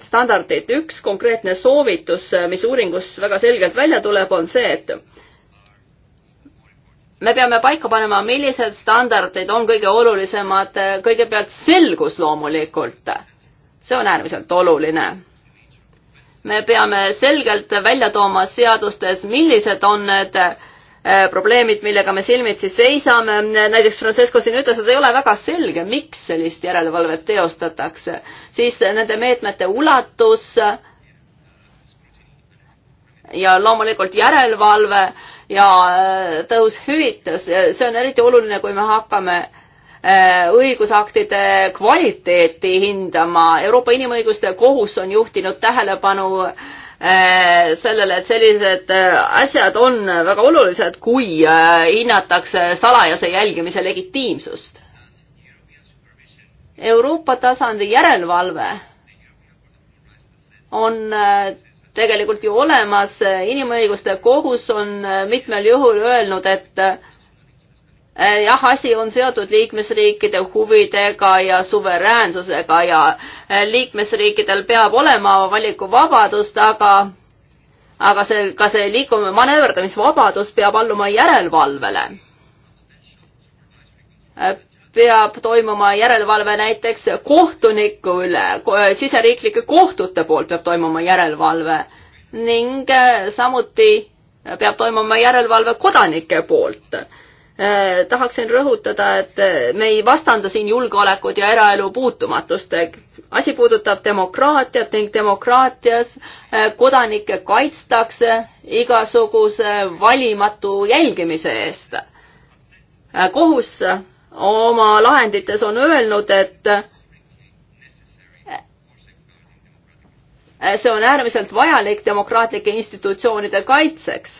standardid. üks konkreetne soovitus, mis uuringus väga selgelt välja tuleb, on see, et me peame paika panema, millised standardid on kõige olulisemad. kõigepealt selgus loomulikult. see on äärmiselt oluline. me peame selgelt välja tooma seadustes, millised on need äh, Äh, probleemid, millega me silmitsi seisame. näiteks Francesco siin ütles, et ei ole väga selge, miks sellist järelevalvet teostatakse. siis nende meetmete ulatus ja loomulikult järelevalve ja äh, tõus hüvitus, see on eriti oluline, kui me hakkame äh, õigusaktide kvaliteeti hindama. Euroopa Inimõiguste Kohus on juhtinud tähelepanu äh, Äh, sellele, et sellised äh, asjad on väga olulised, kui äh, hinnatakse salajase jälgimise legitiimsust. Euroopa tasandi järelevalve on tegelikult ju olemas, inimõiguste kohus on mitmel juhul öelnud, et Eh, jah, asi on seotud liikmesriikide huvidega ja suveräänsusega ja eh, liikmesriikidel peab olema valikuvabadust, aga aga see, ka see liikum-, manööverdamisvabadus peab alluma järelevalvele. Eh, peab toimuma järelevalve näiteks kohtuniku üle, siseriiklike kohtute poolt peab toimuma järelevalve ning samuti peab toimuma järelevalve kodanike poolt Äh, tahaksin rõhutada, et äh, me ei vastanda siin julgeolekut ja eraelu puutumatust. asi puudutab demokraatiat ning demokraatias äh, kodanikke kaitstakse igasuguse valimatu jälgimise eest. kohus oma lahendites on öelnud, et see on äärmiselt vajalik demokraatlike institutsioonide kaitseks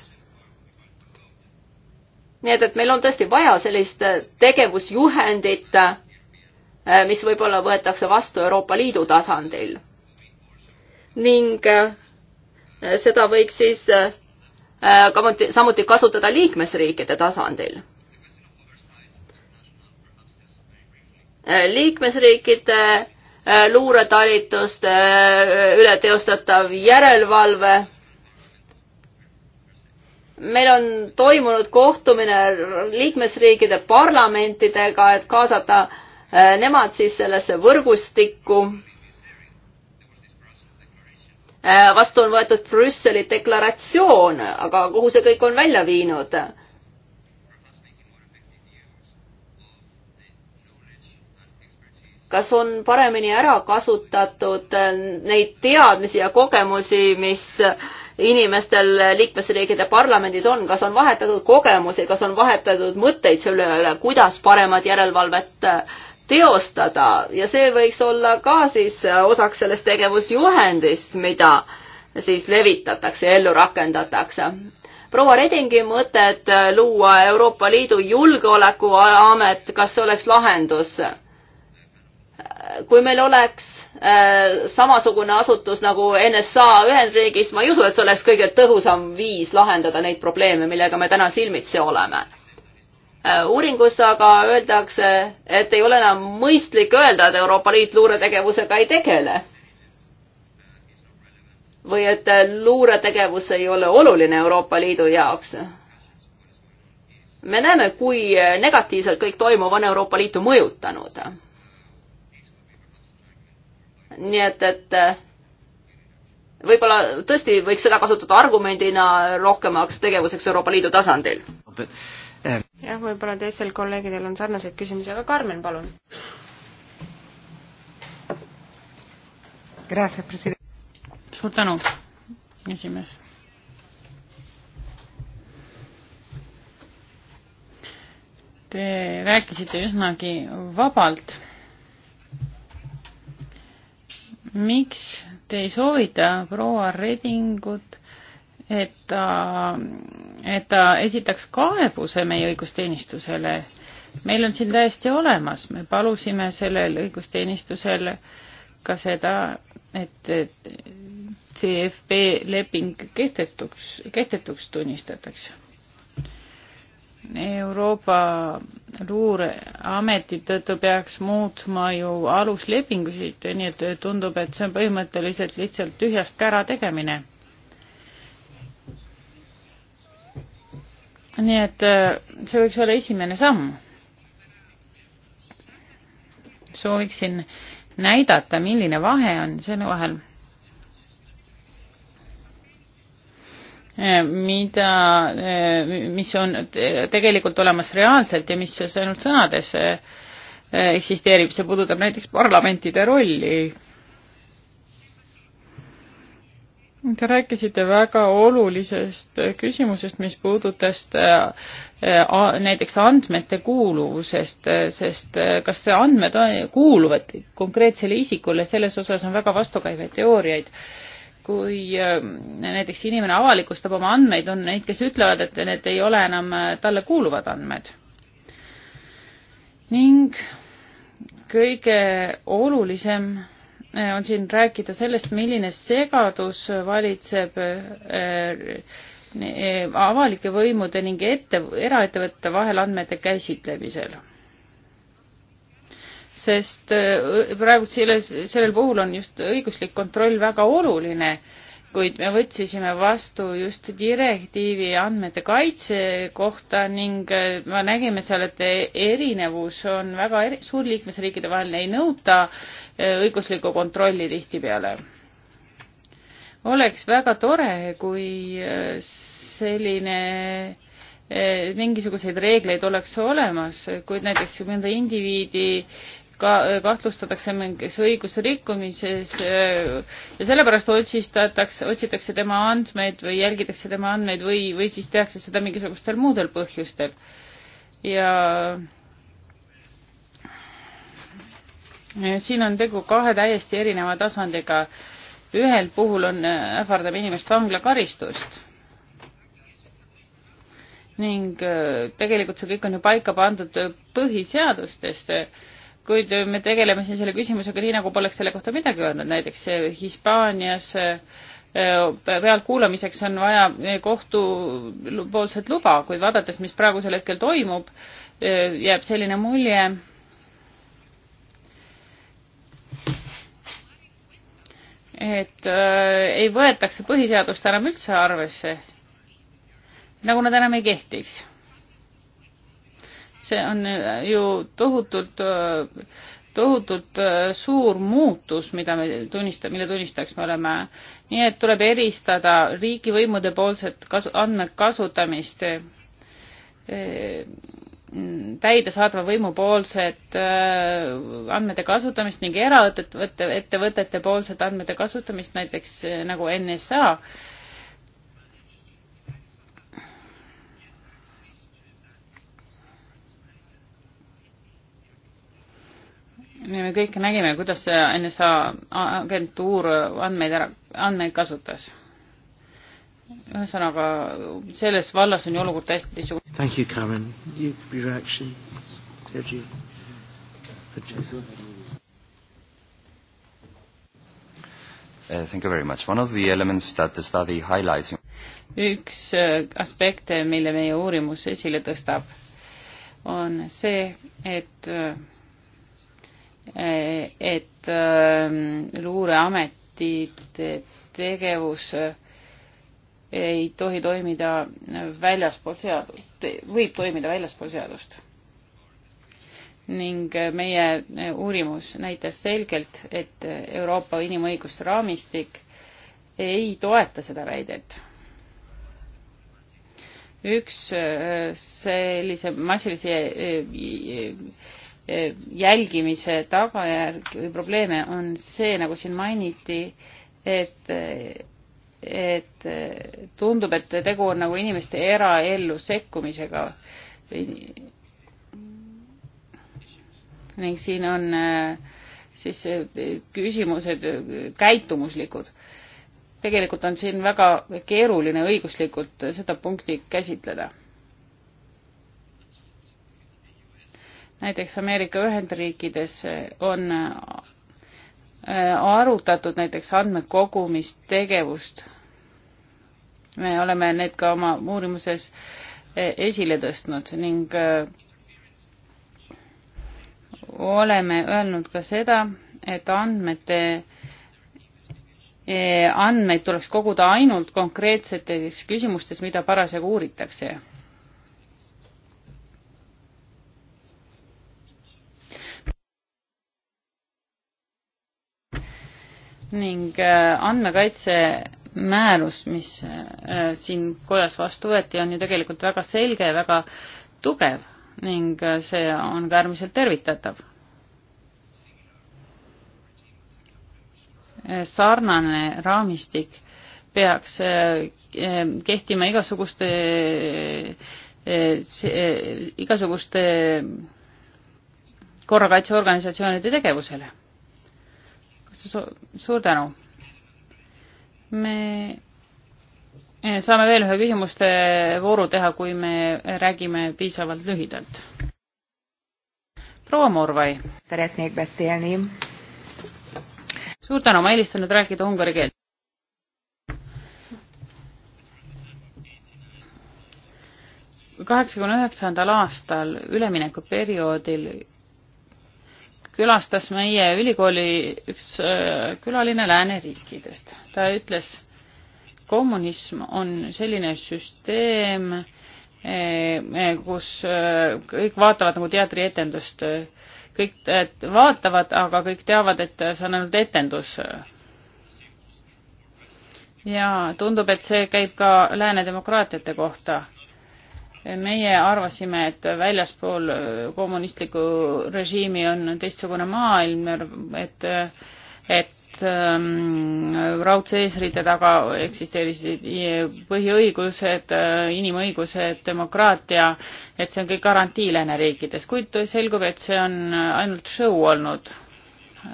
nii et, et meil on tõesti vaja sellist äh, tegevusjuhendit, äh, mis võib-olla võetakse vastu Euroopa Liidu tasandil. ning äh, seda võiks siis samuti kasutada liikmesriikide tasandil liikmesriikide luuretalituste üle teostatav järelevalve meil on toimunud kohtumine liikmesriikide parlamentidega, et kaasata äh, nemad siis sellesse võrgustikku. Äh, vastu on võetud Brüsseli deklaratsioon, aga kuhu see kõik on välja viinud? kas on paremini ära kasutatud äh, neid teadmisi ja kogemusi, mis äh, inimestel liikmesriikide parlamendis on, kas on vahetatud kogemusi, kas on vahetatud mõtteid selle üle, kuidas paremat järelevalvet äh, teostada ja see võiks olla ka siis äh, osaks sellest tegevusjuhendist, mida siis levitatakse ja ellu rakendatakse. proua Redingi mõte, et äh, luua Euroopa Liidu Julgeolekuamet, kas see oleks lahendus? kui meil oleks äh, samasugune asutus nagu NSA Ühendriigis, ma ei usu, et see oleks kõige tõhusam viis lahendada neid probleeme, millega me täna silmitsi oleme äh,. uuringus aga öeldakse, et ei ole enam mõistlik öelda, et Euroopa Liit luuretegevusega ei tegele. või et äh, luuretegevus ei ole oluline Euroopa Liidu jaoks me näeme, kui äh, negatiivselt kõik toimuv on Euroopa Liitu mõjutanud nii et, et äh, võib-olla tõesti võiks seda kasutada argumendina rohkemaks tegevuseks Euroopa Liidu tasandil. jah, võib-olla teistel kolleegidel on sarnaseid küsimusi, aga Karmen, palun. suur tänu, esimees Te rääkisite üsnagi vabalt miks te ei soovita proua Redingut, et ta, et ta esitaks kaebuse meie õigusteenistusele? meil on siin täiesti olemas, me palusime sellel õigusteenistusel ka seda, et CFP leping kehtetuks, kehtetuks tunnistatakse Euroopa luureameti tõttu peaks muutma ju aluslepingusid, nii et tundub, et see on põhimõtteliselt lihtsalt tühjast kära tegemine. nii et äh, see võiks olla esimene samm. sooviksin näidata, milline vahe on selle vahel Eh, mida, eh, mis on tegelikult olemas reaalselt ja mis ainult sõnades eh, eksisteerib, see puudutab näiteks parlamentide rolli. Te rääkisite väga olulisest küsimusest, mis puudutas näiteks andmete kuuluvusest, sest kas andmed kuuluvad konkreetsele isikule, selles osas on väga vastukäivaid teooriaid kui ähm, näiteks inimene avalikustab oma andmeid, on neid, kes ütlevad, et need ei ole enam äh, talle kuuluvad andmed. ning kõige olulisem äh, on siin rääkida sellest, milline segadus valitseb äh, avalike võimude ning ette, eraettevõtete vahel andmete käsitlemisel sest äh, praegu selles, sellel puhul on just õiguslik kontroll väga oluline, kuid me võtsisime vastu just direktiivi andmete kaitse kohta ning äh, me nägime seal, et erinevus on väga eri, suur liikmesriikide vahel, ei nõuta äh, õiguslikku kontrolli tihtipeale. oleks väga tore, kui selline mingisuguseid reegleid oleks olemas, kuid näiteks mõnda indiviidi ka äh, kahtlustatakse mingis õigusrikkumises äh, ja sellepärast otsistatakse, otsitakse tema andmeid või jälgitakse tema andmeid või, või siis tehakse seda mingisugustel muudel põhjustel. ja siin on tegu kahe täiesti erineva tasandiga. ühel puhul on, ähvardab inimest vanglakaristust ning äh, tegelikult see kõik on ju paika pandud põhiseadustest kuid me tegeleme siin selle küsimusega nii, nagu poleks selle kohta midagi öelnud, näiteks eh, Hispaanias eh, eh, pealtkuulamiseks on vaja kohtupoolset luba, kuid vaadates, mis praegusel hetkel toimub, jääb selline mulje, et äh, ei võetakse põhiseadust enam üldse arvesse, nagu nad enam ei kehtiks see on äh, ju tohutult, äh, tohutult äh, suur muutus, mida me tunnista-, mille tunnistajaks me oleme. nii et tuleb eristada riigivõimude poolset kasu, andmete kasutamist täidesaatva võimu poolset andmete kasutamist ning eraettevõtete poolset andmete kasutamist, näiteks nagu NSA äh, me kõik nägime, kuidas see NSA agentuur andmeid ära, andmeid kasutas. ühesõnaga, selles vallas on ju olukord täiesti teistsugune. Thank you, Carmen. You, your reaction, Sergei. Uh, thank you very much. One of the elements that the study highlights üks uh, aspekte, mille meie uurimus esile tõstab, on see, et uh, et ähm, luureametite tegevus äh, ei tohi toimida väljaspool seadust, võib toimida väljaspool seadust. ning äh, meie äh, uurimus näitas selgelt, et Euroopa inimõiguste raamistik ei toeta seda väidet üks sellise massilise jälgimise tagajärg või probleeme on see, nagu siin mainiti, et, et tundub, et tegu on nagu inimeste eraellu sekkumisega. ning siin on äh, siis äh, küsimused äh, käitumuslikud. tegelikult on siin väga keeruline õiguslikult seda punkti käsitleda näiteks Ameerika Ühendriikides eh, on eh, arutatud näiteks andmekogumist, me oleme need ka oma uurimuses eh, esile tõstnud ning oleme öelnud ka seda, et andmete, andmeid tuleks koguda ainult konkreetsetes küsimustes, mida parasjagu uuritakse ning äh, andmekaitse määrus, mis äh, siin kojas vastu võeti, on ju tegelikult väga selge ja väga tugev ning äh, see on ka äärmiselt tervitatav. sarnane raamistik peaks kehtima igasuguste, igasuguste korrakaitseorganisatsioonide tegevusele su suur tänu. me eh, saame veel ühe küsimuste vooru teha, kui me räägime piisavalt lühidalt. proua Morvai. suur tänu, ma eelistan nüüd rääkida ungari keelt. kaheksakümne üheksandal aastal üleminekuperioodil külastas meie ülikooli üks äh, külaline lääneriikidest. ta ütles, kommunism on selline süsteem, äh, äh, kus kõik vaatavad nagu teatrietendust, kõik vaatavad, aga kõik teavad, et see on ainult etendus. ja tundub, et see käib ka lääne demokraatiate kohta meie arvasime, et väljaspool kommunistlikku režiimi on teistsugune maailm, et, et ähm, raudse eesriide taga eksisteerisid põhiõigused, inimõigused, demokraatia, et see on kõik garantii lääneriikides, kuid selgub, et see on ainult show olnud,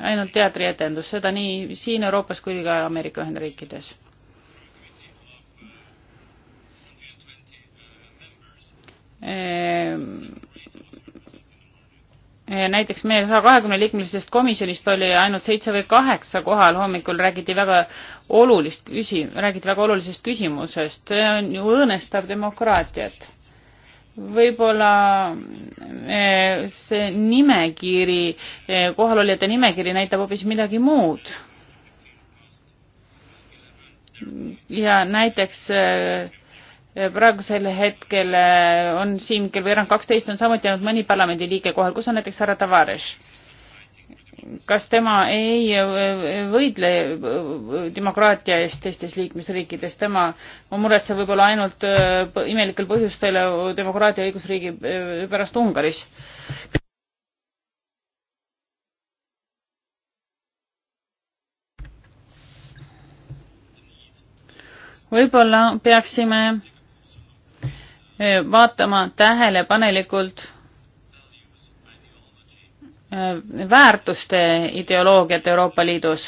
ainult teatrietendus, seda nii siin Euroopas kui ka Ameerika Ühendriikides Ehm, näiteks meie saja kahekümne liikmelisest komisjonist oli ainult seitse või kaheksa kohal hommikul, räägiti väga olulist küsi-, räägiti väga olulisest küsimusest, see on ju õõnestab demokraatiat. võib-olla ehm, see nimekiri, ehm, kohalolijate nimekiri näitab hoopis midagi muud. ja näiteks praegusel hetkel äh, on siin kell veerand kaksteist on samuti ainult mõni parlamendiliige kohal, kus on näiteks härra Tavares? kas tema ei äh, võidle äh, demokraatia eest teistes liikmesriikides, tema muretseb võib-olla ainult imelikel põhjustel demokraatia õigusriigi pärast Ungaris? võib-olla peaksime Eh, vaatama tähelepanelikult eh, väärtuste ideoloogiat Euroopa Liidus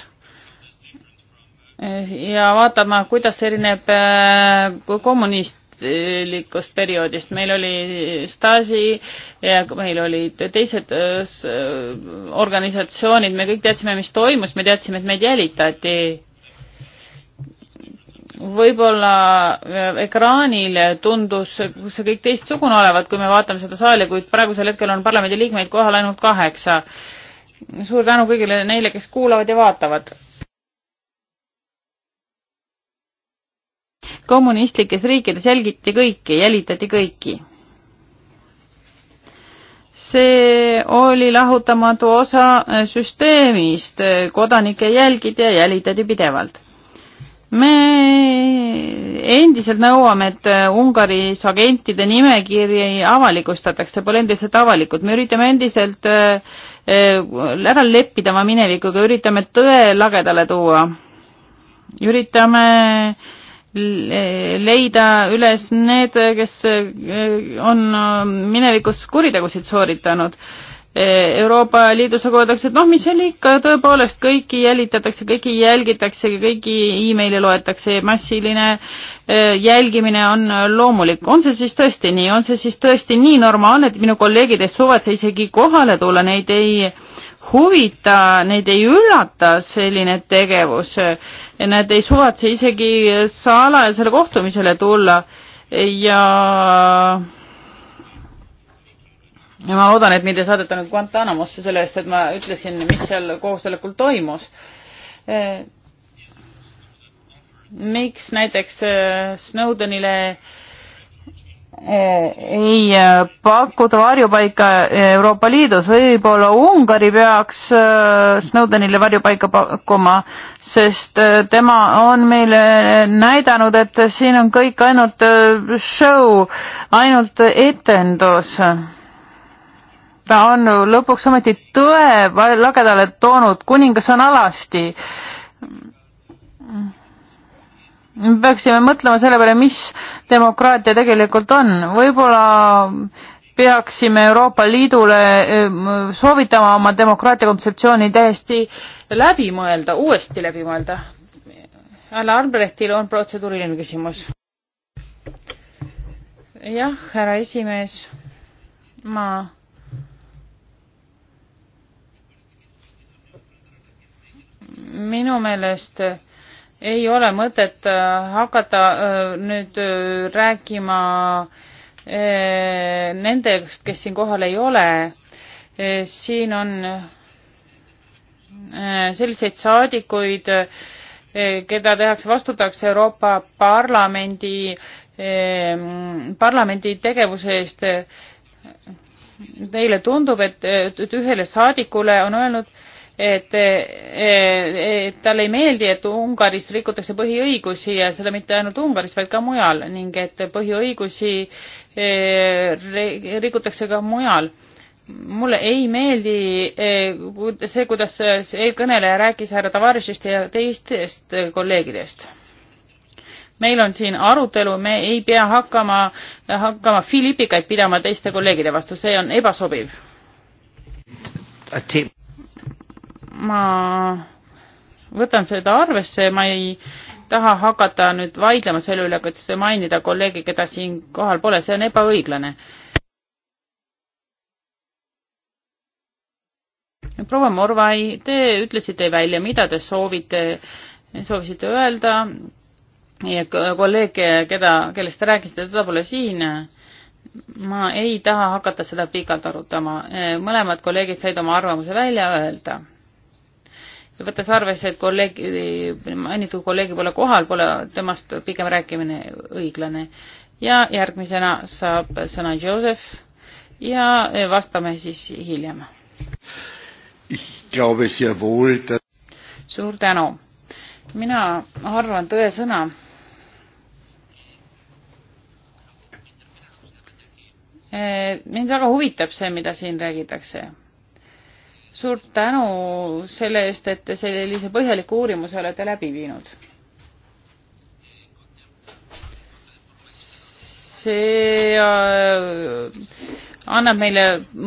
eh, ja vaatama, kuidas see erineb kommunistlikust perioodist. meil oli Stasi ja meil olid teised organisatsioonid, me kõik teadsime, mis toimus, me teadsime, et meid jälitati võib-olla äh, ekraanil tundus see kõik teistsugune olevat, kui me vaatame seda saali, kuid praegusel hetkel on parlamendiliikmeid kohal ainult kaheksa. suur tänu kõigile neile, kes kuulavad ja vaatavad. kommunistlikes riikides jälgiti kõiki, jälitati kõiki. see oli lahutamatu osa süsteemist, kodanikke jälgiti ja jälitati pidevalt me endiselt nõuame, et äh, Ungaris agentide nimekiri avalikustatakse, pole endiselt avalikud, me üritame endiselt äh, äh, ära leppida oma minevikuga, üritame tõe lagedale tuua. üritame leida üles need, kes on minevikus kuritegusid sooritanud Euroopa Liidus aga nagu öeldakse, et noh, mis seal ikka, tõepoolest kõiki jälitatakse, kõiki jälgitakse, kõigi emaili loetakse, massiline eh, jälgimine on loomulik. on see siis tõesti nii, on see siis tõesti nii normaalne, et minu kolleegid ei suvatse isegi kohale tulla, neid ei huvita, neid ei üllata selline tegevus. Nad ei suvatse isegi salajasele kohtumisele tulla ja ja ma loodan, et mind ei saadeta nüüd Guantanamosse selle eest, et ma ütlesin, mis seal koosolekul toimus. Eh, miks näiteks eh, Snowdenile eh, ei pakuta varjupaika Euroopa Liidus, võib-olla Ungari peaks Snowdenile varjupaika pakkuma, sest tema on meile näidanud, et siin on kõik ainult show, ainult etendus ta on lõpuks ometi tõe lagedale toonud, kuningas on alasti. me peaksime mõtlema selle peale, mis demokraatia tegelikult on, võib-olla peaksime Euroopa Liidule eh, soovitama oma demokraatia kontseptsiooni täiesti läbi mõelda, uuesti läbi mõelda. Alla Arbrechtil on protseduuriline küsimus. jah, härra esimees, ma minu meelest ei ole mõtet äh, hakata äh, nüüd äh, rääkima nendest, kes siin kohal ei ole. siin on selliseid saadikuid, keda tehakse vastutavaks Euroopa Parlamendi, parlamendi tegevuse eest. Teile tundub, et, et ühele saadikule on öelnud, et, et, et talle ei meeldi, et Ungaris rikutakse põhiõigusi ja seda mitte ainult Ungaris, vaid ka mujal ning et põhiõigusi eh, rikutakse ka mujal. mulle ei meeldi eh, see, kuidas eelkõneleja rääkis härra Tavaresist ja teistest kolleegidest meil on siin arutelu, me ei pea hakkama, hakkama filipikaid pidama teiste kolleegide vastu, see on ebasobiv ma võtan seda arvesse, ma ei taha hakata nüüd vaidlema selle üle, kas mainida kolleegi, keda siin kohal pole, see on ebaõiglane. proua Morvai, te ütlesite välja, mida te soovite, soovisite öelda ja kolleeg, keda, kellest te rääkisite, teda pole siin ma ei taha hakata seda pikalt arutama, mõlemad kolleegid said oma arvamuse välja öelda võttes arvesse, et kolleegi, mainitud kolleegi pole kohal, pole temast pigem rääkimine õiglane. ja järgmisena saab sõna Joseph ja vastame siis hiljem. suur tänu. mina arvan tõesõna, mind väga huvitab see, mida siin räägitakse suur tänu selle eest, et te sellise põhjaliku uurimuse olete läbi viinud. see äh, annab meile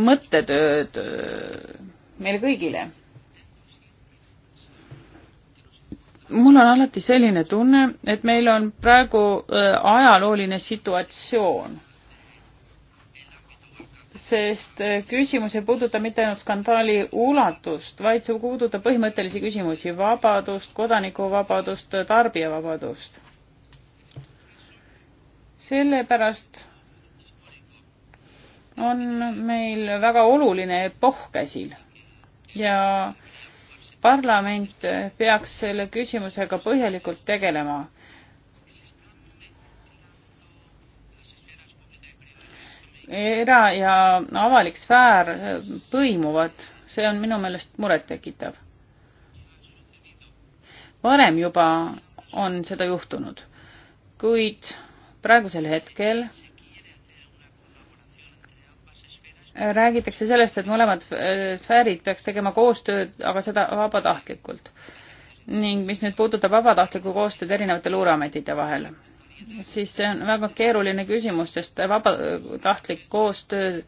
mõttetööd, äh, meile kõigile. mul on alati selline tunne, et meil on praegu äh, ajalooline situatsioon sest äh, küsimus ei puuduta mitte ainult skandaali ulatust, vaid see puudutab põhimõttelisi küsimusi, vabadust, kodanikuvabadust, tarbijavabadust. sellepärast on meil väga oluline epohh käsil ja parlament peaks selle küsimusega põhjalikult tegelema era- ja avalik sfäär eh, põimuvad, see on minu meelest murettekitav. varem juba on seda juhtunud, kuid praegusel hetkel räägitakse sellest, et mõlemad eh, sfäärid peaks tegema koostööd, aga seda vabatahtlikult. ning mis nüüd puudutab vabatahtlikku koostööd erinevate luureametite vahel, siis see on väga keeruline küsimus, sest vabatahtlik koostöö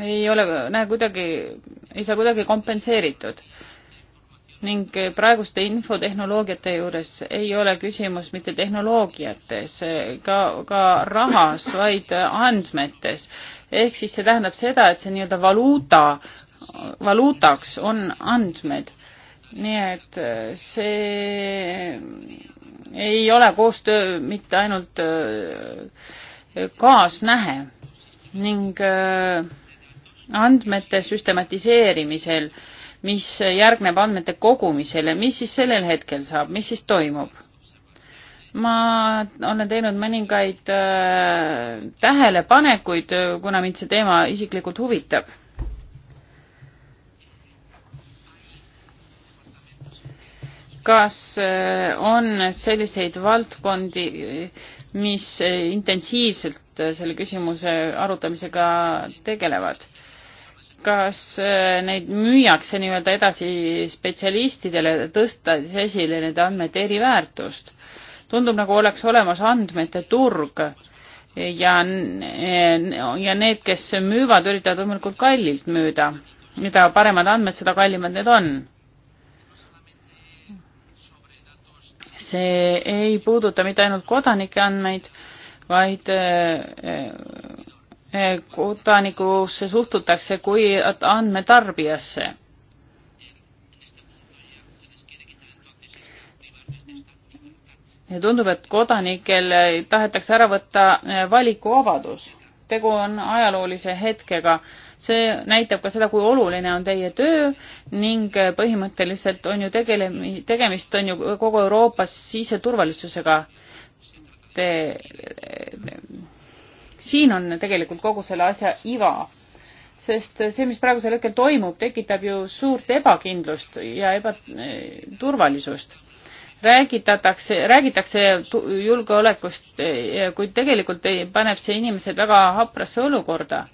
ei ole, näe kuidagi, ei saa kuidagi kompenseeritud. ning praeguste infotehnoloogiate juures ei ole küsimus mitte tehnoloogiates, ka, ka rahas, vaid andmetes. ehk siis see tähendab seda, et see nii-öelda valuuta, valuutaks on andmed. nii et see ei ole koostöö mitte ainult äh, kaasnähe ning äh, andmete süstematiseerimisel, mis järgneb andmete kogumisele, mis siis sellel hetkel saab, mis siis toimub? ma olen teinud mõningaid äh, tähelepanekuid, kuna mind see teema isiklikult huvitab kas äh, on selliseid valdkondi, mis äh, intensiivselt äh, selle küsimuse arutamisega tegelevad? kas neid müüakse nii-öelda edasi spetsialistidele, tõstes esile nende andmete eriväärtust? tundub, nagu oleks olemas andmete turg ja, ja need, kes müüvad, üritavad võimalikult kallilt müüda. mida paremad andmed, seda kallimad need on see ei puuduta mitte ainult kodanike andmeid, vaid eh, eh, kodanikusse suhtutakse kui andmetarbijasse. ja tundub, et kodanikel tahetakse ära võtta eh, valikuvabadus. tegu on ajaloolise hetkega see näitab ka seda, kui oluline on teie töö ning põhimõtteliselt on ju tegele-, tegemist on ju kogu Euroopas siseturvalisusega. Te, siin on tegelikult kogu selle asja iva sest see, mis praegusel hetkel toimub, tekitab ju suurt ebakindlust ja ebaturvalisust. räägitatakse, räägitakse julgeolekust, kuid tegelikult ei, paneb see inimesed väga haprasse olukorda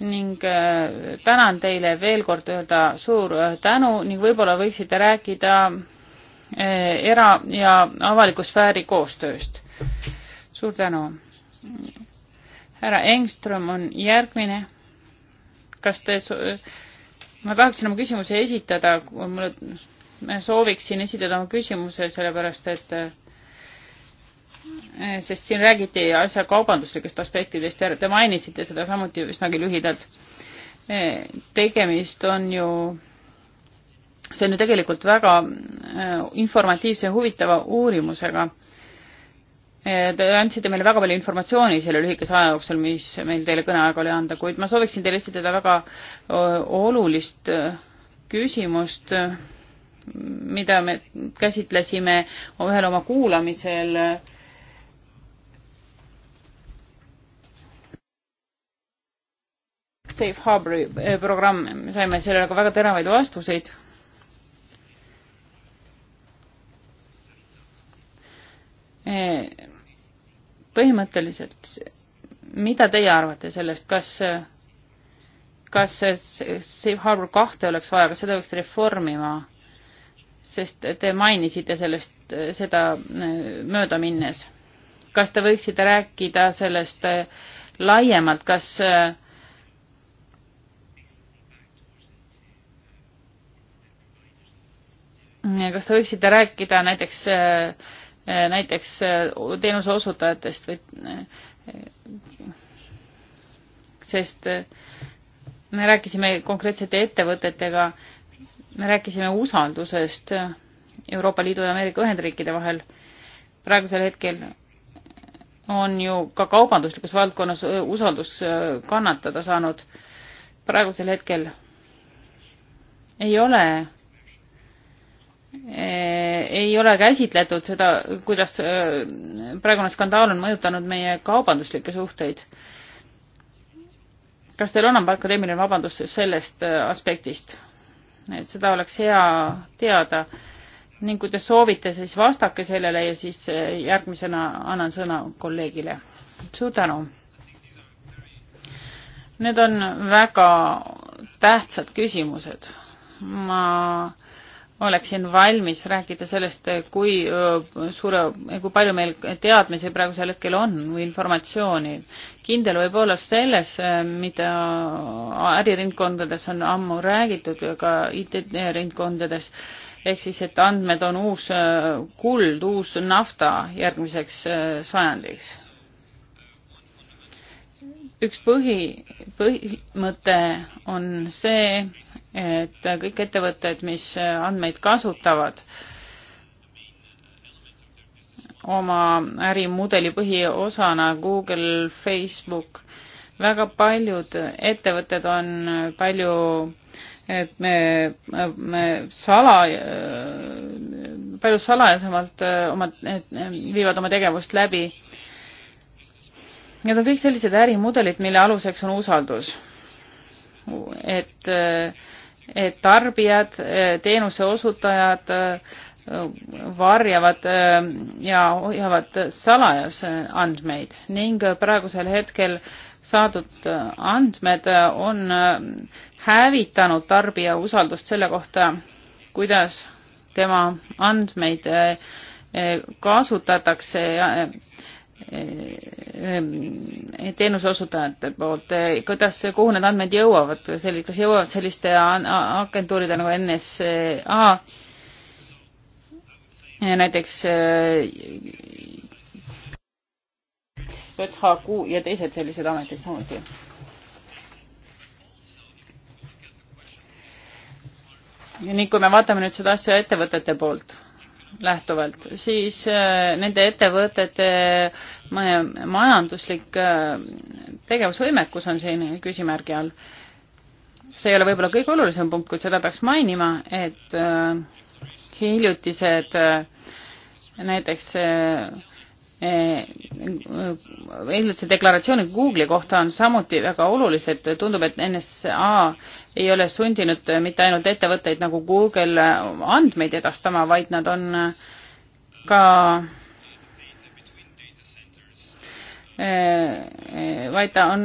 ning äh, tänan teile veel kord öelda suur äh, tänu ning võib-olla võiksite rääkida äh, era- ja avaliku sfääri koostööst. suur tänu. härra Engström on järgmine. kas te so, ma tahaksin oma küsimuse esitada, mulle, sooviksin esitada oma küsimuse, sellepärast et Eh, sest siin räägiti asja kaubanduslikest aspektidest ja te mainisite seda samuti üsnagi lühidalt. Eh, tegemist on ju, see on ju tegelikult väga eh, informatiivse ja huvitava uurimusega. Te andsite meile väga palju informatsiooni selle lühikese aja jooksul, mis meil teile kõneaega oli anda, kuid ma sooviksin teile esitada väga olulist küsimust mida me käsitlesime ühel oma kuulamisel äh, Safe Harbori eh, programm, me saime sellele ka väga teravaid vastuseid. Eh, põhimõtteliselt, mida teie arvate sellest, kas, kas Safe Harbor kahte oleks vaja, kas seda peaks reformima? sest te mainisite sellest, seda eh, mööda minnes. kas te võiksite rääkida sellest laiemalt, kas äh, kas te võiksite rääkida näiteks, äh, äh, näiteks äh, teenuse osutajatest või, sest me rääkisime konkreetsete ettevõtetega, me rääkisime usaldusest Euroopa Liidu ja Ameerika Ühendriikide vahel. praegusel hetkel on ju ka kaubanduslikus valdkonnas usaldus kannatada saanud. praegusel hetkel ei ole Eh, ei ole käsitletud seda, kuidas eh, praegune skandaal on mõjutanud meie kaubanduslikke suhteid. kas teil on akadeemiline vabandus sellest eh, aspektist? et seda oleks hea teada ning kui te soovite, siis vastake sellele ja siis järgmisena annan sõna kolleegile. suur tänu! Need on väga tähtsad küsimused. ma oleksin valmis rääkida sellest, kui suure, kui palju meil teadmisi praegusel hetkel on või informatsiooni. kindel võib olla selles, mida äriringkondades on ammu räägitud, ka IT-ringkondades, ehk siis, et andmed on uus kuld, uus nafta järgmiseks sajandiks. üks põhi, põhimõte on see, et kõik ettevõtted, mis andmeid kasutavad, oma ärimudeli põhiosana Google, Facebook, väga paljud ettevõtted on palju et me, me sala, palju salajasemalt oma, viivad oma tegevust läbi. Need on kõik sellised ärimudelid, mille aluseks on usaldus. et äh, et tarbijad, eh, teenuse osutajad eh, varjavad eh, ja hoiavad salajas andmeid ning praegusel hetkel saadud andmed on hävitanud tarbija usaldust selle kohta, kuidas tema andmeid kasutatakse Ehm, teenuseosutajate poolt, eh, kuidas, kuhu need andmed jõuavad, kas jõuavad selliste agentuuride nagu NSA, näiteks JHQ eh, ja teised sellised ametid samuti. nii, kui me vaatame nüüd seda asja ettevõtete poolt lähtuvalt, siis äh, nende ettevõtete majanduslik äh, tegevusvõimekus on siin küsimärgi all. see ei ole võib-olla kõige olulisem punkt, kuid seda peaks mainima, et äh, hiljutised näiteks eilse eh, deklaratsiooni Google'i kohta on samuti väga olulised, tundub, et NSA ei ole sundinud mitte ainult ettevõtteid nagu Google andmeid edastama, vaid nad on ka eh, vaid ta on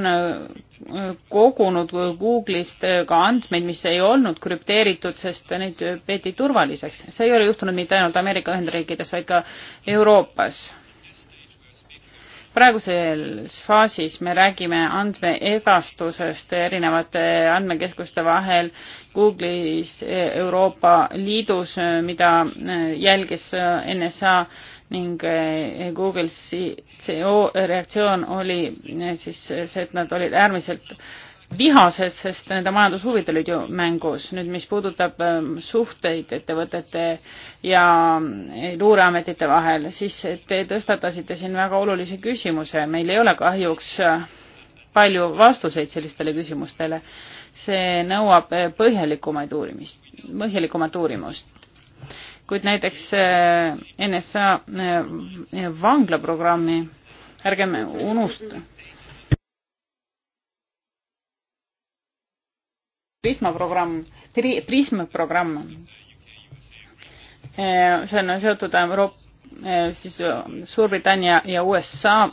kogunud Google'ist ka andmeid, mis ei olnud krüpteeritud, sest neid peeti turvaliseks. see ei ole juhtunud mitte ainult Ameerika Ühendriikides, vaid ka Euroopas praeguses faasis me räägime andmeedastusest erinevate andmekeskuste vahel Google'is, Euroopa Liidus, mida eh, jälgis eh, NSA ning eh, Google CO reaktsioon oli siis see, et nad olid äärmiselt vihased, sest nende majandushuvid olid ju mängus. nüüd, mis puudutab ähm, suhteid ettevõtete ja äh, luureametite vahel, siis te tõstatasite siin väga olulise küsimuse. meil ei ole kahjuks äh, palju vastuseid sellistele küsimustele. see nõuab äh, põhjalikumaid uurimist, põhjalikumat uurimust. kuid näiteks NSA vanglaprogrammi ärgem unustame Prisma programm, Prism programm. Äh, see on seotud Euroopa äh, siis äh, Suurbritannia ja USA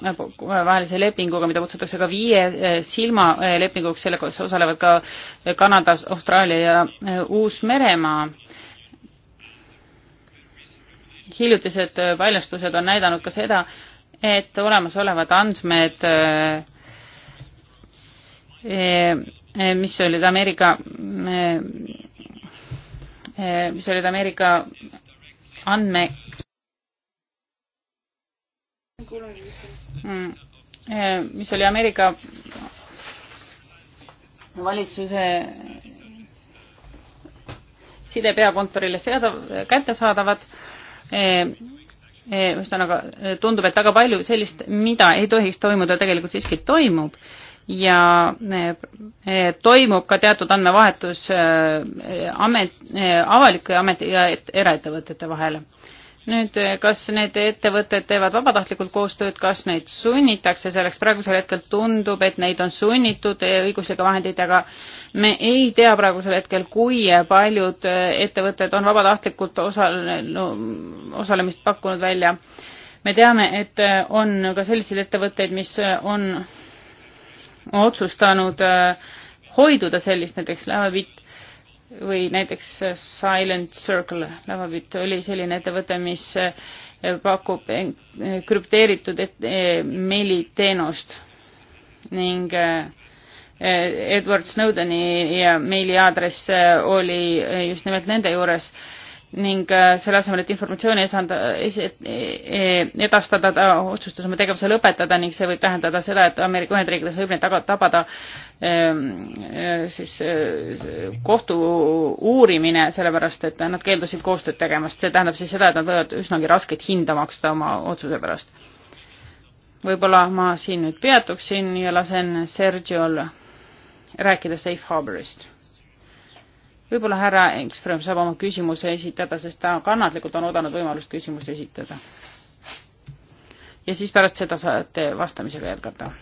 vahelise lepinguga, mida kutsutakse ka viie silma lepinguks, selles osalevad ka Kanada, Austraalia ja Uus-Meremaa. hiljutised paljastused on näidanud ka seda, et olemasolevad andmed Eh, mis olid Ameerika, eh, eh, mis olid Ameerika andme mm, mis oli Ameerika valitsuse side peakontorile seada, kättesaadavad. ühesõnaga tundub, et väga palju sellist, mida ei tohiks toimuda, tegelikult siiski toimub ja eh, toimub ka teatud andmevahetus eh, amet, eh, avalike ameti ja eraettevõtete vahel. nüüd, kas need ettevõtted teevad vabatahtlikult koostööd, kas neid sunnitakse selleks, praegusel hetkel tundub, et neid on sunnitud õiguslikke vahendeid, aga me ei tea praegusel hetkel, kui paljud ettevõtted on vabatahtlikult osale- no,, osalemist pakkunud välja. me teame, et on ka selliseid ettevõtteid, mis on otsustanud äh, hoiduda sellist, näiteks Lävavit või näiteks äh, Silent Circle, Lävavit oli selline ettevõte, mis äh, pakub krüpteeritud meiliteenust ning Edward Snowdeni meiliaadress oli just nimelt nende juures ning äh, selle asemel, et informatsiooni esanda, e-, e-, e-, edastada, ta otsustas oma tegevuse lõpetada ning see võib tähendada seda, et Ameerika Ühendriikides võib neid taga, tabada ähm, äh, siis äh, kohtu uurimine, sellepärast et nad keeldusid koostööd tegemast. see tähendab siis seda, et nad võivad üsnagi rasket hinda maksta oma otsuse pärast. võib-olla ma siin nüüd peatuksin ja lasen Sergiol rääkida safe harbor'ist võib-olla härra Engström saab oma küsimuse esitada, sest ta kannatlikult on oodanud võimalust küsimust esitada. ja siis pärast seda saate vastamisega jätkata.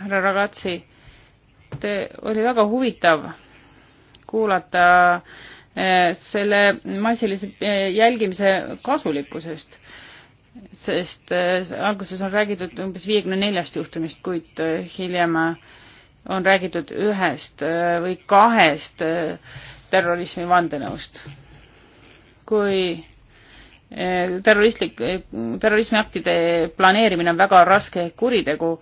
härra Ragatsi, te, oli väga huvitav kuulata eh, selle massilise eh, jälgimise kasulikkusest, sest eh, alguses on räägitud umbes viiekümne neljast juhtumist, kuid hiljem on räägitud ühest äh, või kahest äh, terrorismi vandenõust. kui äh, terroristlik, terrorismiaktide planeerimine on väga raske kuritegu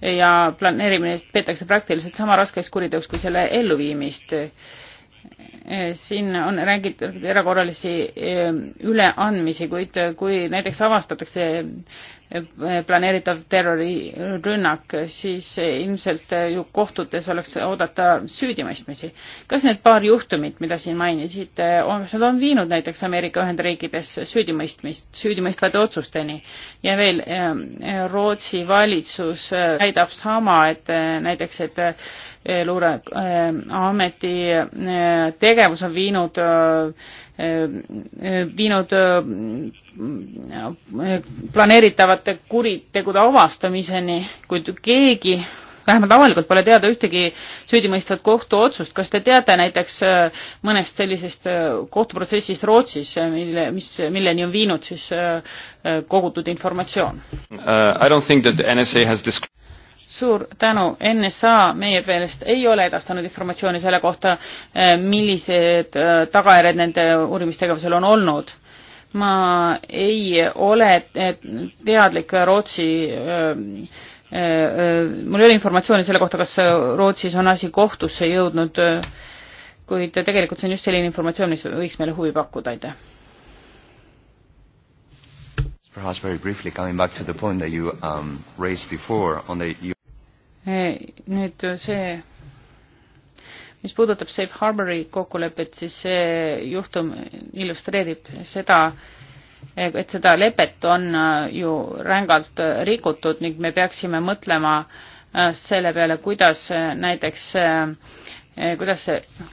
ja planeerimine peetakse praktiliselt sama raskeks kuriteoks kui selle elluviimist Eh, siin on räägitud erakorralisi eh, üleandmisi, kuid eh, kui näiteks avastatakse planeeritav terrorirünnak, siis ilmselt ju kohtutes oleks oodata süüdimõistmisi. kas need paar juhtumit, mida siin mainisite, kas nad on viinud näiteks Ameerika Ühendriikides süüdimõistmist, süüdimõistvate otsusteni? ja veel, Rootsi valitsus väidab sama, et näiteks, et luureameti äh, äh, tegevus on viinud äh, viinud planeeritavate kuritegude avastamiseni, kuid keegi vähemalt avalikult pole teada ühtegi süüdimõistvat kohtuotsust. kas te teate näiteks mõnest sellisest kohtuprotsessist Rootsis, mille, mis, milleni on viinud siis kogutud informatsioon uh,? suur tänu, NSA meie meelest ei ole edastanud informatsiooni selle kohta, eh, millised eh, tagajärjed nende uurimistegevusel on olnud. ma ei ole eh, teadlik Rootsi mul ei ole informatsiooni selle kohta, kas Rootsis on asi kohtusse jõudnud, kuid tegelikult see on just selline informatsioon, mis võiks meile huvi pakkuda, aitäh. Perhaps very briefly coming back to the point that you um, raised before on the Eh, nüüd see, mis puudutab Safe Harbori kokkulepet, siis see juhtum illustreerib seda, et seda lepet on eh, ju rängalt eh, rikutud ning me peaksime mõtlema selle peale, kuidas näiteks, kuidas see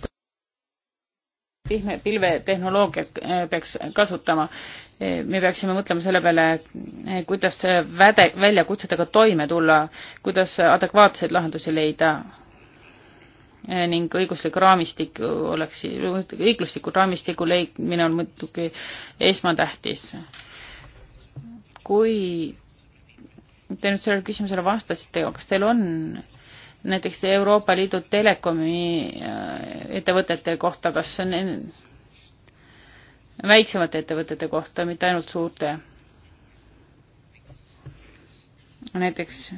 pihme pilvetehnoloogiat peaks kasutama me peaksime mõtlema selle peale, kuidas väde, väljakutsetega toime tulla, kuidas adekvaatseid lahendusi leida ning õiguslik raamistik oleks, õigusliku raamistiku leidmine on muidugi esmatähtis. kui te nüüd sellele küsimusele vastasite, kas teil on näiteks Euroopa Liidu telekomi äh, ettevõtete kohta, kas on väiksemate ettevõtete kohta, mitte ainult suurte. näiteks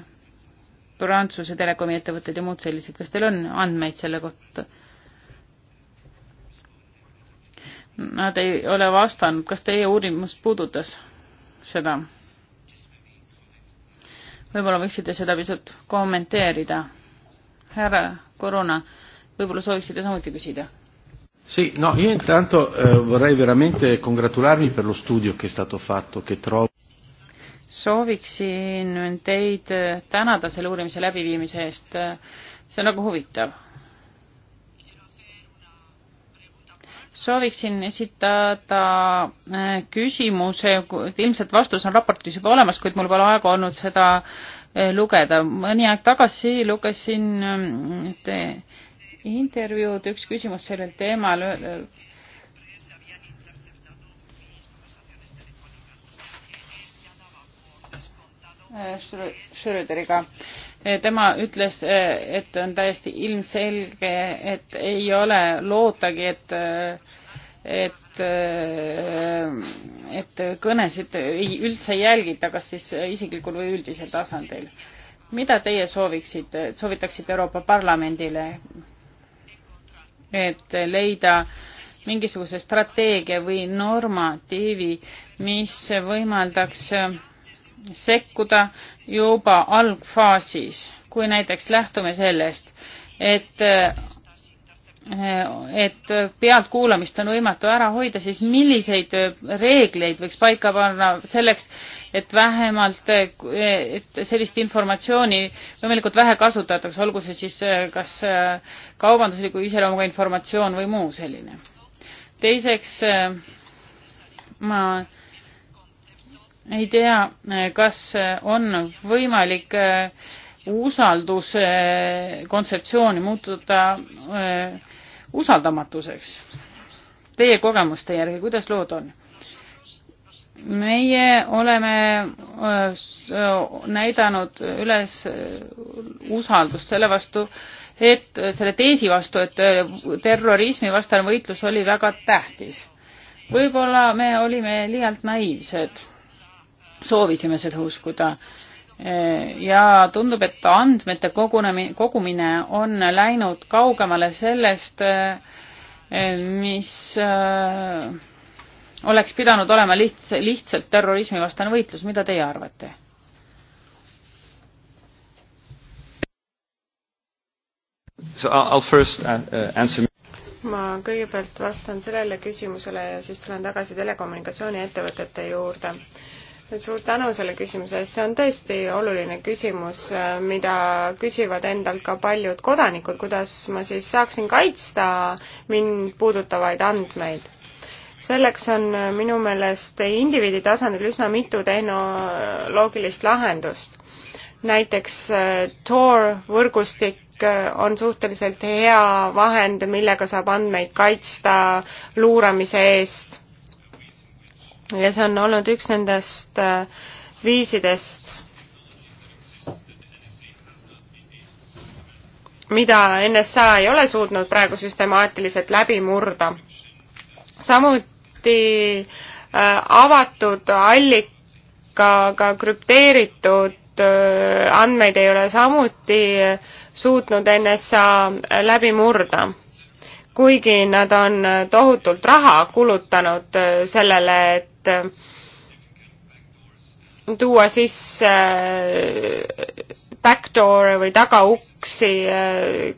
Prantsuse telekomi ettevõtted ja muud sellised, kas teil on andmeid selle kohta? Nad ei ole vastanud, kas teie uurimus puudutas seda? võib-olla võiksite seda pisut kommenteerida. härra Korona, võib-olla sooviksite samuti küsida? Sì, no, io intanto eh, vorrei veramente congratularmi per lo studio che è stato fatto, che trovo sooviksin teid tänada selle uurimise läbiviimise eest. see on väga nagu huvitav. sooviksin esitada eh, küsimuse, ilmselt vastus on raportis juba olemas, kuid mul pole aega olnud seda eh, lugeda. mõni aeg tagasi lugesin eh, te intervjuud, üks küsimus sellel teemal. Schröderiga. tema ütles, et on täiesti ilmselge, et ei ole lootagi, et, et, et kõnesid ei, üldse ei jälgita, kas siis isiklikul või üldisel tasandil. mida teie sooviksite, soovitaksite Euroopa Parlamendile? et leida mingisuguse strateegia või normatiivi, mis võimaldaks sekkuda juba algfaasis, kui näiteks lähtume sellest, et et pealtkuulamist on võimatu ära hoida, siis milliseid reegleid võiks paika panna selleks, et vähemalt, et sellist informatsiooni võimalikult vähe kasutatakse, olgu see siis kas kaubandusliku iseloomuga informatsioon või muu selline. teiseks, ma ei tea, kas on võimalik usalduse kontseptsiooni muutuda öö, usaldamatuseks. Teie kogemuste järgi, kuidas lood on? meie oleme näidanud üles usaldust selle vastu, et selle teesi vastu, et terrorismivastane võitlus oli väga tähtis. võib-olla me olime liialt naiivsed, soovisime seda uskuda Eh, ja tundub, et andmete kogunemi-, kogumine on läinud kaugemale sellest, eh, mis eh, oleks pidanud olema lihts-, lihtsalt terrorismivastane võitlus, mida teie arvate? Uh, uh, ma kõigepealt vastan sellele küsimusele ja siis tulen tagasi telekommunikatsiooniettevõtete juurde suur tänu selle küsimuse eest, see on tõesti oluline küsimus, äh, mida küsivad endalt ka paljud kodanikud, kuidas ma siis saaksin kaitsta mind puudutavaid andmeid. selleks on äh, minu meelest indiviidi tasandil üsna mitu tehnoloogilist lahendust. näiteks äh, Tor võrgustik on suhteliselt hea vahend, millega saab andmeid kaitsta luuramise eest ja see on olnud üks nendest äh, viisidest, mida NSA ei ole suutnud praegu süstemaatiliselt läbi murda. samuti äh, avatud allikaga krüpteeritud äh, andmeid ei ole samuti suutnud NSA läbi murda kuigi nad on tohutult raha kulutanud äh, sellele, et äh, tuua sisse äh, backdoor või tagauksi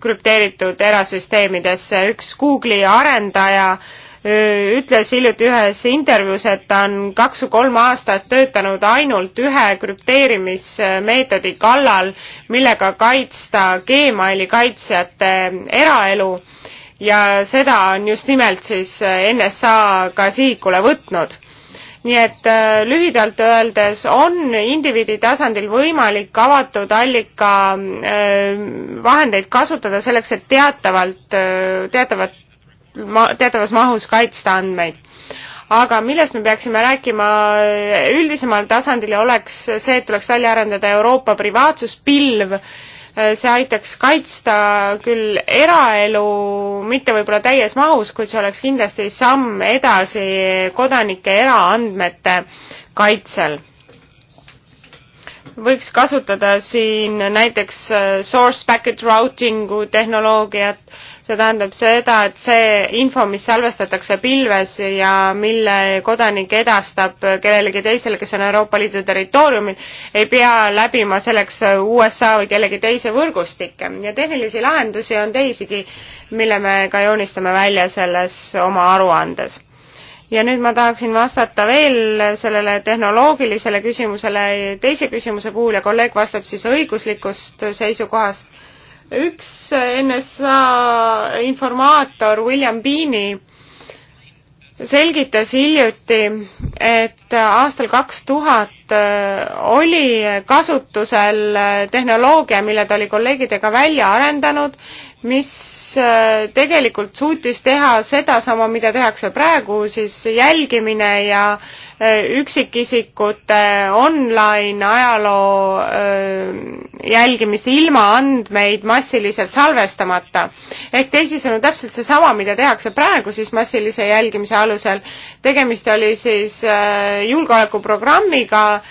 krüpteeritud erasüsteemidesse. üks Google'i arendaja ütles hiljuti ühes intervjuus, et ta on kaks või kolm aastat töötanud ainult ühe krüpteerimismeetodi kallal, millega kaitsta Gmaili kaitsjate eraelu ja seda on just nimelt siis eh, NSA ka sihikule võtnud. nii et eh, lühidalt öeldes on indiviidi tasandil võimalik avatud allika eh, vahendeid kasutada selleks, et teatavalt, teatavat, teatavas mahus kaitsta andmeid aga millest me peaksime rääkima üldisemal tasandil ja oleks see, et tuleks välja arendada Euroopa privaatsuspilv Eh, see aitaks kaitsta küll eraelu, mitte võib-olla täies mahus, kuid see oleks kindlasti samm edasi kodanike eraandmete kaitsel. võiks kasutada siin näiteks eh, source packet routing'u tehnoloogiat see tähendab seda, et see info, mis salvestatakse pilves ja mille kodanik edastab kellelegi teisele, kes on Euroopa Liidu territooriumil, ei pea läbima selleks USA või kellegi teise võrgustikke ja tehnilisi lahendusi on teisigi, mille me ka joonistame välja selles oma aruandes ja nüüd ma tahaksin vastata veel sellele tehnoloogilisele küsimusele teise küsimuse puhul ja kolleeg vastab siis õiguslikust seisukohast üks NSA informaator William Beani selgitas hiljuti, et aastal kaks tuhat äh, oli kasutusel äh, tehnoloogia, mille ta oli kolleegidega välja arendanud mis äh, tegelikult suutis teha sedasama, mida tehakse praegu, siis jälgimine ja äh, üksikisikute online ajaloo äh, jälgimist ilma andmeid massiliselt salvestamata. ehk teisisõnu täpselt seesama, mida tehakse praegu siis massilise jälgimise alusel. tegemist oli siis julgeolekuprogrammiga,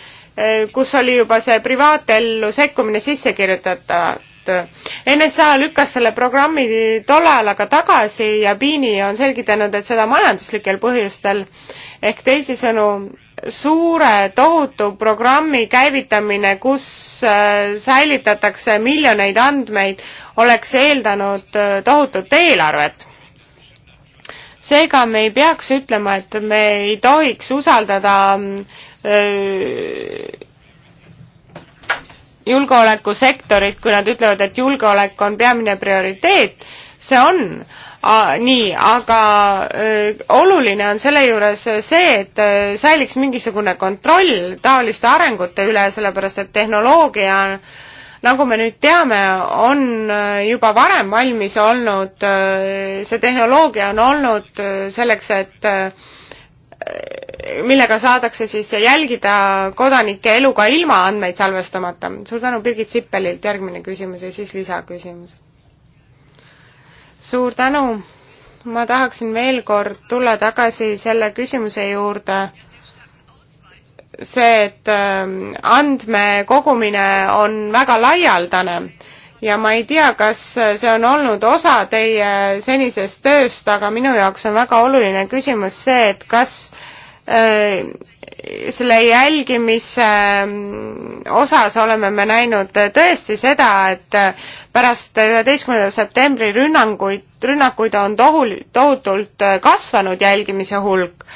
kus oli juba see privaatellu sekkumine sisse kirjutatav Eh, NSA lükkas selle programmi tollal aga tagasi ja Bini on selgitanud, et seda majanduslikel põhjustel ehk teisisõnu suure tohutu programmi käivitamine, kus eh, säilitatakse miljoneid andmeid, oleks eeldanud eh, tohutut eelarvet. seega me ei peaks ütlema, et me ei tohiks usaldada öö, mm, julgeolekusektorit, kui nad ütlevad, et julgeolek on peamine prioriteet, see on A, nii, aga öö, oluline on selle juures see, et öö, säiliks mingisugune kontroll taoliste arengute üle, sellepärast et tehnoloogia, nagu me nüüd teame, on öö, juba varem valmis olnud, see tehnoloogia on olnud selleks, et millega saadakse siis jälgida kodanike elu ka ilma andmeid salvestamata. suur tänu Birgit Sippelilt, järgmine küsimus ja siis lisaküsimus. suur tänu, ma tahaksin veel kord tulla tagasi selle küsimuse juurde, see, et ähm, andmekogumine on väga laialdane ja ma ei tea, kas see on olnud osa teie senisest tööst, aga minu jaoks on väga oluline küsimus see, et kas äh, Äh, selle jälgimise ähm, osas oleme me näinud tõesti seda, et äh, pärast üheteistkümnenda septembri rünnanguid, rünnakuid on tohul, tohutult äh, kasvanud jälgimise hulk.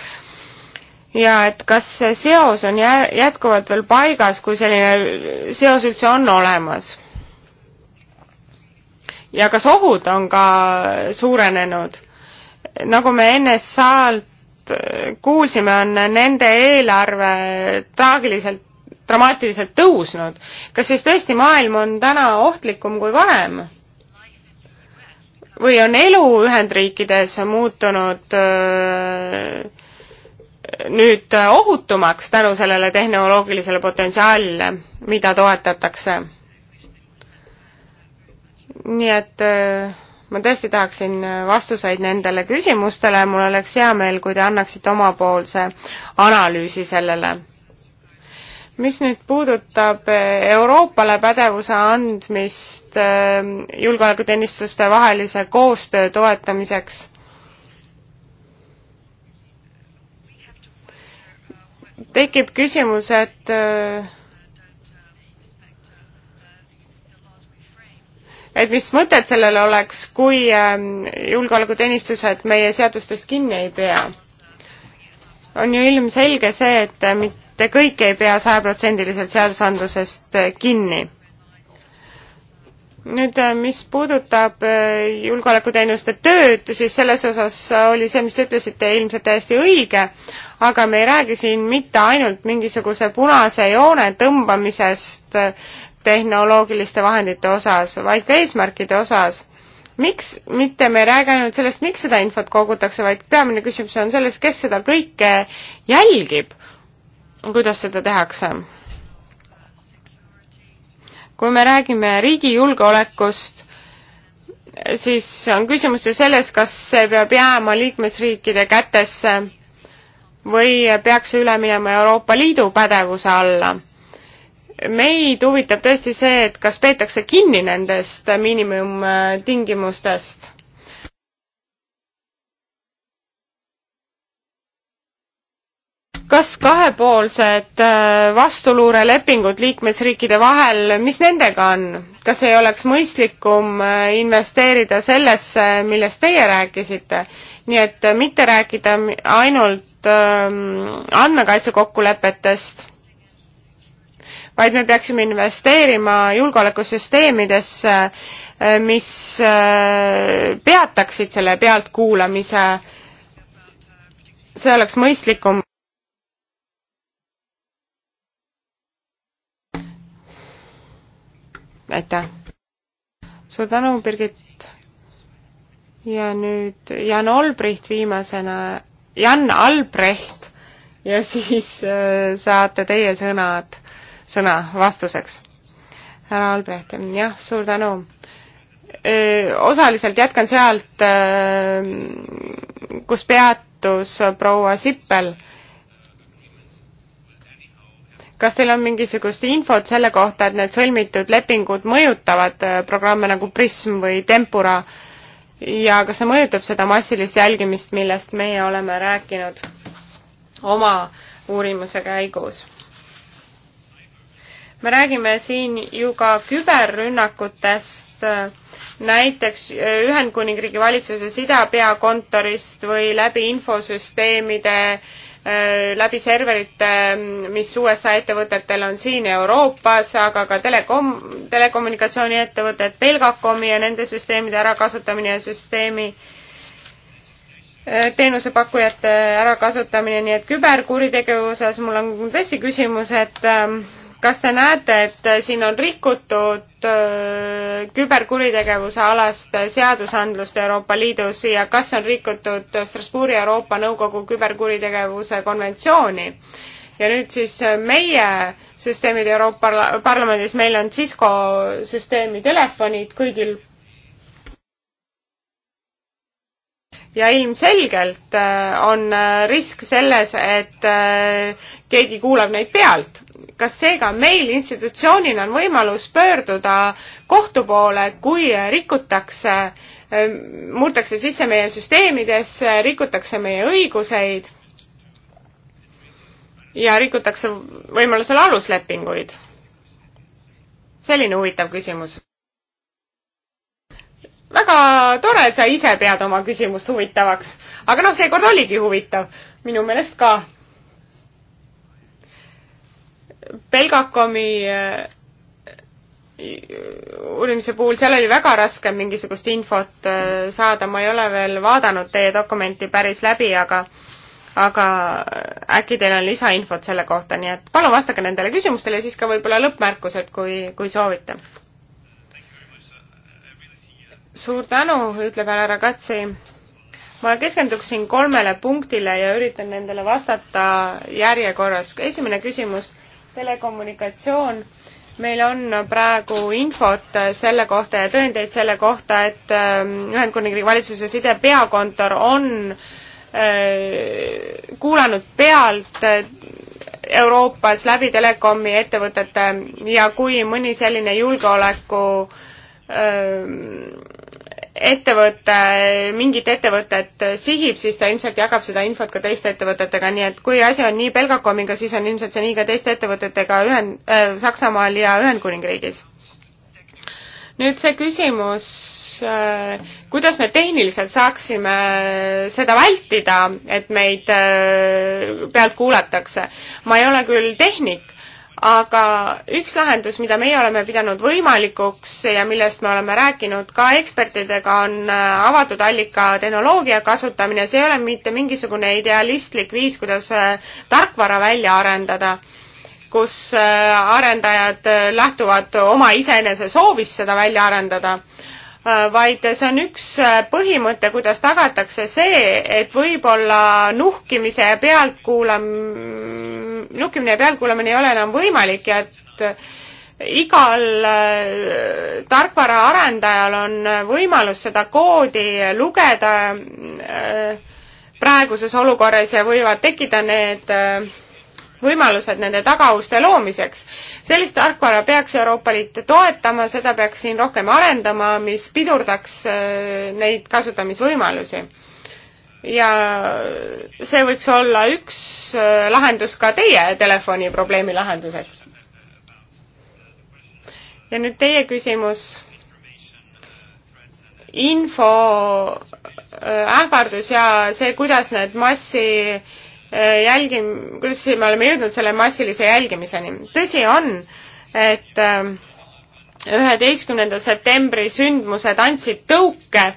ja et kas see seos on jä-, jätkuvalt veel paigas, kui selline seos üldse on olemas? ja kas ohud on ka suurenenud? nagu me NSA-lt just eh, kuulsime, on nende eelarve traagiliselt, dramaatiliselt tõusnud. kas siis tõesti maailm on täna ohtlikum kui varem? või on elu Ühendriikides muutunud öö, eh, nüüd ohutumaks tänu sellele tehnoloogilisele potentsiaalile, mida toetatakse? nii et öö, eh, ma tõesti tahaksin äh, vastuseid nendele küsimustele, mul oleks hea meel, kui te annaksite omapoolse analüüsi sellele. mis nüüd puudutab äh, Euroopale pädevuse andmist äh, julgeolekuteenistuste vahelise koostöö toetamiseks, tekib küsimus, et et mis mõtet sellel oleks, kui ähm, julgeolekuteenistused meie seadustest kinni ei pea. on ju ilmselge see, et äh, mitte kõik ei pea sajaprotsendiliselt seadusandlusest äh, kinni nüüd, äh, mis puudutab julgeolekuteenuste tööd, siis selles osas oli see, mis te ütlesite, ilmselt täiesti õige, aga me ei räägi siin mitte ainult mingisuguse punase joone tõmbamisest äh, tehnoloogiliste vahendite osas, vaid ka eesmärkide osas. miks mitte me ei räägi ainult sellest, miks seda infot kogutakse, vaid peamine küsimus on selles, kes seda kõike jälgib, kuidas seda tehakse. kui me räägime riigi julgeolekust, siis on küsimus ju selles, kas see peab jääma liikmesriikide kätesse või peaks see üle minema Euroopa Liidu pädevuse alla meid huvitab tõesti see, et kas peetakse kinni nendest miinimumtingimustest. kas kahepoolsed äh, vastuluurelepingud liikmesriikide vahel, mis nendega on? kas ei oleks mõistlikum äh, investeerida sellesse, millest teie rääkisite? nii et mitte rääkida ainult ähm, andmekaitse kokkulepetest vaid me peaksime investeerima julgeolekusüsteemidesse, eh, mis eh, peataksid selle pealtkuulamise. see oleks mõistlikum. aitäh. suur tänu, Birgit. ja nüüd Jan Olbricht viimasena, Jan Albrecht ja siis eh, saate teie sõnad sõna vastuseks. härra Albrecht, jah, suur tänu. osaliselt jätkan sealt, kus peatus proua Sippel kas teil on mingisugust infot selle kohta, et need sõlmitud lepingud mõjutavad programme nagu Prism või Tempura ja kas see mõjutab seda massilist jälgimist, millest meie oleme rääkinud oma uurimuse käigus? me räägime siin ju ka küberrünnakutest, näiteks äh, Ühendkuningriigi valitsuse sidapeakontorist või läbi infosüsteemide, äh, läbi serverite, mis USA ettevõtetel on siin Euroopas, aga ka telekom, telekommunikatsiooniettevõtted, Belgacomi ja nende süsteemide ärakasutamine ja süsteemi äh, teenusepakkujate ärakasutamine, nii et küberkuritegevuse osas mul on tõesti küsimus, et ähm, kas te näete, et siin on rikutud äh, küberkuritegevuse alast seadusandlust Euroopa Liidus ja kas on rikutud Strasbourgi Euroopa Nõukogu küberkuritegevuse konventsiooni? ja nüüd siis meie süsteemid Euroopa Parlamendis, meil on Cisco süsteemi telefonid kõigil ja ilmselgelt äh, on äh, risk selles, et äh, keegi kuulab neid pealt. kas seega meil institutsioonina on võimalus pöörduda kohtu poole, kui rikutakse, murtakse sisse meie süsteemidesse, rikutakse meie õiguseid ja rikutakse võimalusel aluslepinguid? selline huvitav küsimus väga tore, et sa ise pead oma küsimust huvitavaks. aga noh, seekord oligi huvitav, minu meelest ka. Belgakomi äh, uurimise puhul, seal oli väga raske mingisugust infot äh, saada, ma ei ole veel vaadanud teie dokumenti päris läbi, aga aga äkki teil on lisainfot selle kohta, nii et palun vastake nendele küsimustele ja siis ka võib-olla lõppmärkused, kui, kui soovite suur tänu, ütleb härra Katsi. ma keskenduksin kolmele punktile ja üritan nendele vastata järjekorras. esimene küsimus, telekommunikatsioon. meil on praegu infot selle kohta ja tõendeid selle kohta, et ähm, Ühendkuningriigi valitsuse sidepeakontor on äh, kuulanud pealt äh, Euroopas läbi telekomi ettevõtete ja kui mõni selline julgeoleku öö, ähm, ettevõte mingit ettevõtet sihib, siis ta ilmselt jagab seda infot ka teiste ettevõtetega, nii et kui asi on nii Belgacomiga, siis on ilmselt see nii ka teiste ettevõtetega ühen- äh,, Saksamaal ja Ühendkuningriigis. nüüd see küsimus äh,, kuidas me tehniliselt saaksime seda vältida, et meid äh, pealt kuulatakse. ma ei ole küll tehnik, aga üks lahendus, mida meie oleme pidanud võimalikuks ja millest me oleme rääkinud ka ekspertidega, on äh, avatud allika tehnoloogia kasutamine, see ei ole mitte mingisugune idealistlik viis, kuidas äh, tarkvara välja arendada, kus äh, arendajad lähtuvad oma iseenese soovist seda välja arendada vaid see on üks põhimõte, kuidas tagatakse see, et võib-olla nuhkimise ja pealtkuulam-, nukkimine ja pealtkuulamine ei ole enam võimalik ja et äh, igal äh, tarkvaraarendajal on äh, võimalus seda koodi lugeda praeguses olukorras ja võivad tekkida need võimalused nende tagauste loomiseks. sellist tarkvara peaks Euroopa Liit toetama, seda peaks siin rohkem arendama, mis pidurdaks neid kasutamisvõimalusi ja see võiks olla üks äh, lahendus ka teie telefoniprobleemi lahenduseks. ja nüüd teie küsimus. info äh, ähvardus ja see, kuidas need massi äh, jälgim-, kuidas me oleme jõudnud selle massilise jälgimiseni. tõsi on, et üheteistkümnenda septembri sündmused andsid tõuke äh,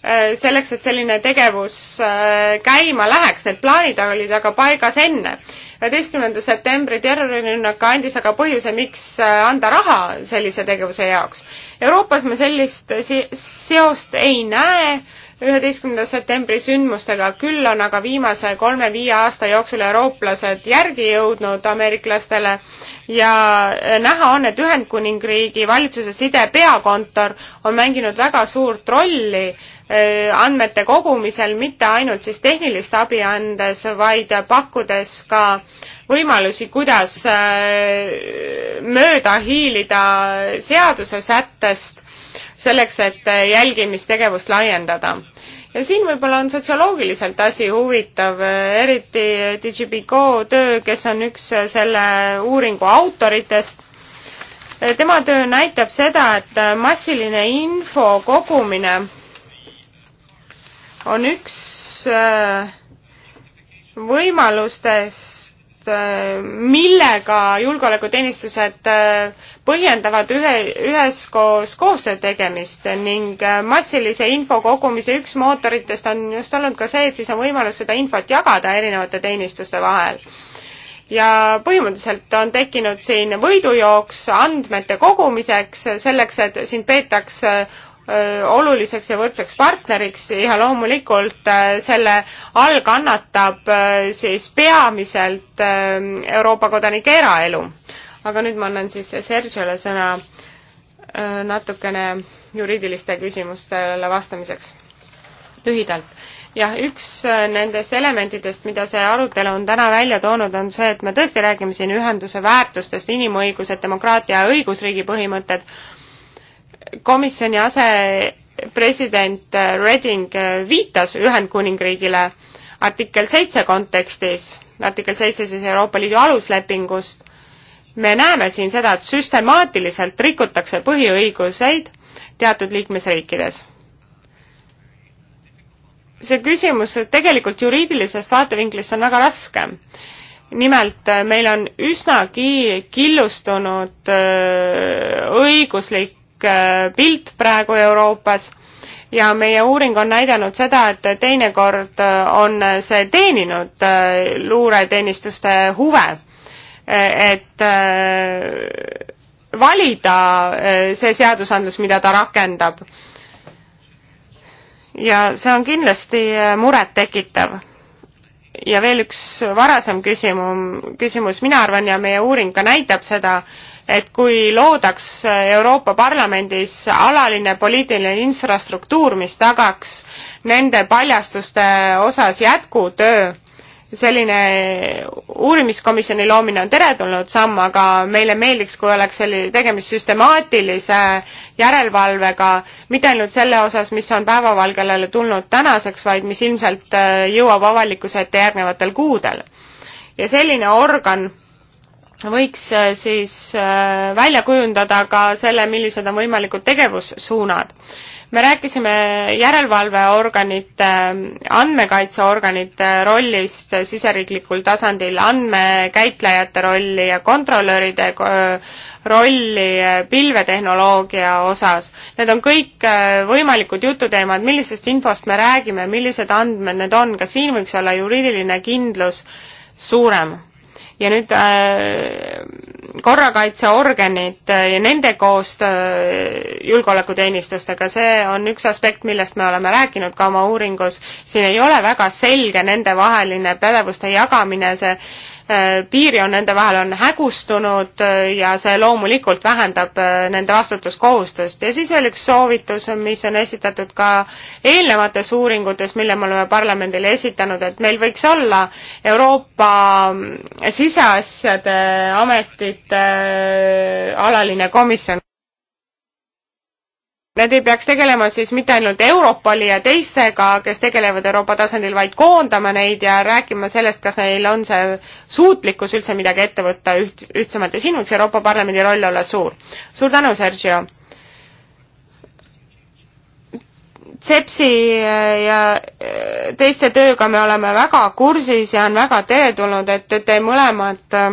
Äh, selleks, et selline tegevus äh, käima läheks, need plaanid olid aga paigas enne. üheteistkümnenda septembri terrorirünnak andis aga põhjuse, miks äh, anda raha sellise tegevuse jaoks. Euroopas me sellist seost ei näe üheteistkümnenda septembri sündmustega, küll on aga viimase kolme-viie aasta jooksul eurooplased järgi jõudnud ameeriklastele ja näha on, et Ühendkuningriigi valitsuse sidepeakontor on mänginud väga suurt rolli Äh, andmete kogumisel, mitte ainult siis tehnilist abi andes, vaid pakkudes ka võimalusi, kuidas äh, mööda hiilida seaduse sättest selleks, et äh, jälgimistegevust laiendada. ja siin võib-olla on sotsioloogiliselt asi huvitav, eriti DigiBigo töö, kes on üks selle uuringu autoritest, tema töö näitab seda, et massiline info kogumine on üks äh, võimalustest, äh, millega julgeolekuteenistused äh, põhjendavad ühe, üheskoos koostöö tegemist ning massilise info kogumise üks mootoritest on just olnud ka see, et siis on võimalus seda infot jagada erinevate teenistuste vahel. ja põhimõtteliselt on tekkinud siin võidujooks andmete kogumiseks, selleks et sind peetakse Äh, oluliseks ja võrdseks partneriks ja loomulikult äh, selle all kannatab äh, siis peamiselt Euroopa kodanike eraelu. aga nüüd ma annan siis Sergiole sõna natukene juriidiliste küsimustele vastamiseks. lühidalt. jah, üks nendest elementidest, mida see arutelu on täna välja toonud, on see, et me tõesti räägime siin ühenduse väärtustest, inimõigused, demokraatia ja õigusriigi põhimõtted komisjoni asepresident Reding viitas Ühendkuningriigile artikkel seitse kontekstis, artikkel seitse siis Euroopa Liidu aluslepingust, me näeme siin seda, et süstemaatiliselt rikutakse põhiõiguseid teatud liikmesriikides. see küsimus tegelikult juriidilisest vaatevinklist on väga raske. nimelt meil on üsnagi killustunud äh, õiguslik Äh, pilt praegu Euroopas ja meie uuring on näidanud seda, et teinekord äh, on see teeninud äh, luureteenistuste huve, et valida see seadusandlus, mida ta rakendab. ja see on kindlasti murettekitav ja veel üks varasem küsimus, küsimus, mina arvan ja meie uuring ka näitab seda, et kui loodaks Euroopa Parlamendis alaline poliitiline infrastruktuur, mis tagaks nende paljastuste osas jätkutöö, selline uurimiskomisjoni loomine on teretulnud samm, aga meile meeldiks, kui oleks selline tegemist süstemaatilise järelevalvega, mitte ainult selle osas, mis on päevavalgele tulnud tänaseks, vaid mis ilmselt äh, jõuab avalikkuse ette järgnevatel kuudel. ja selline organ võiks äh, siis äh, välja kujundada ka selle, millised on võimalikud tegevussuunad. me rääkisime järelevalveorganite, äh, andmekaitseorganite rollist siseriiklikul tasandil, andmekäitlejate rolli ja kontrolöride rolli pilvetehnoloogia osas. Need on kõik võimalikud jututeemad, millisest infost me räägime, millised andmed need on, ka siin võiks olla juriidiline kindlus suurem ja nüüd äh, korrakaitseorganid äh, ja nende koostöö äh, julgeolekuteenistustega, see on üks aspekt, millest me oleme rääkinud ka oma uuringus. siin ei ole väga selge nendevaheline pädevuste jagamine, see Äh, piirjoon nende vahel on hägustunud äh, ja see loomulikult vähendab äh, nende vastutuskohustust. ja siis veel üks soovitus, mis on esitatud ka eelnevates uuringutes, mille me oleme parlamendile esitanud, et meil võiks olla Euroopa mm, siseasjade ametite alaline komisjon. Nad ei peaks tegelema siis mitte ainult Europoli ja teistega, kes tegelevad Euroopa tasandil, vaid koondama neid ja rääkima sellest, kas neil on see suutlikkus üldse midagi ette võtta üht-, ühtsemalt ja siin võiks Euroopa Parlamendi roll olla suur. suur tänu, Sergio! Sepsi äh, ja äh, teiste tööga me oleme väga kursis ja on väga teretulnud, et te mõlemad äh,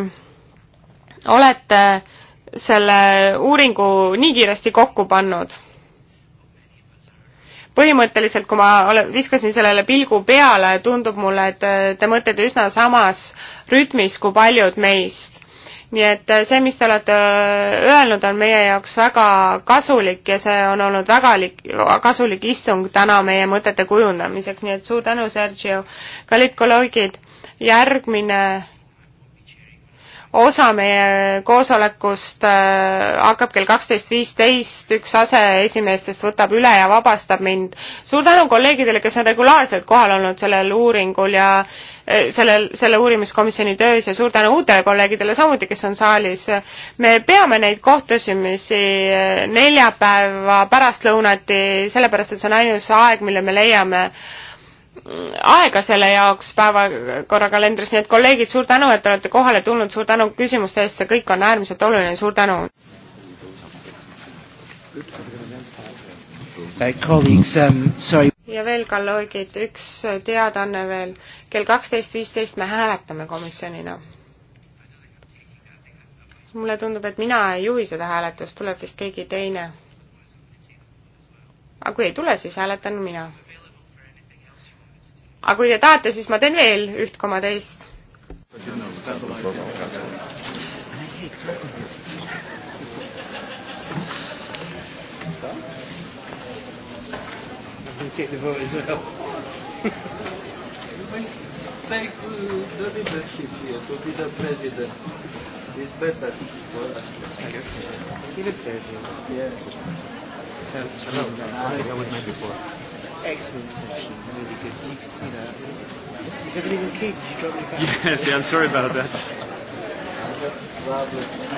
olete selle uuringu nii kiiresti kokku pannud põhimõtteliselt, kui ma ole, viskasin sellele pilgu peale, tundub mulle, et äh, te mõtlete üsna samas rütmis kui paljud meist. nii et äh, see, mis te olete äh, öelnud, on meie jaoks väga kasulik ja see on olnud väga lik, kasulik istung täna meie mõtete kujundamiseks, nii et suur tänu, Sergio. kallid kolleegid, järgmine osa meie koosolekust äh, hakkab kell kaksteist viisteist, üks aseesimeestest võtab üle ja vabastab mind. suur tänu kolleegidele, kes on regulaarselt kohal olnud sellel uuringul ja äh, sellel, selle uurimiskomisjoni töös ja suur tänu uutele kolleegidele samuti, kes on saalis. me peame neid kohtusimisi äh, neljapäeva pärastlõunati, sellepärast et see on ainus aeg, mille me leiame äh, aega selle jaoks päevakorrakalendris, nii et kolleegid, suur tänu, et te olete kohale tulnud, suur tänu küsimuste eest, see kõik on äärmiselt oluline, suur tänu. Uh, um, ja veel, kolleegid, üks teadaanne veel. kell kaksteist viisteist me hääletame komisjonina. mulle tundub, et mina ei juhi seda hääletust, tuleb vist keegi teine. aga kui ei tule, siis hääletan mina aga kui te tahate, siis ma teen veel üht koma teist. Take the vote as well. Take the leadership here to be the president. It's better for us. I guess. Give it Sergio. Yeah. That's true. I would make before excellent session. You really good. You could see that. Is everything okay? Did you drop me back? Yes, yeah, I'm sorry about that. They are all different.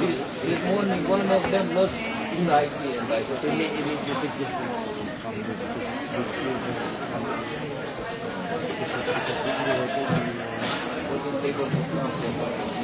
This, this morning, one of them lost his idea. Like, it, it makes a big difference from the, because it's moving from because, because the, the, the, the, the, the, the, the, the,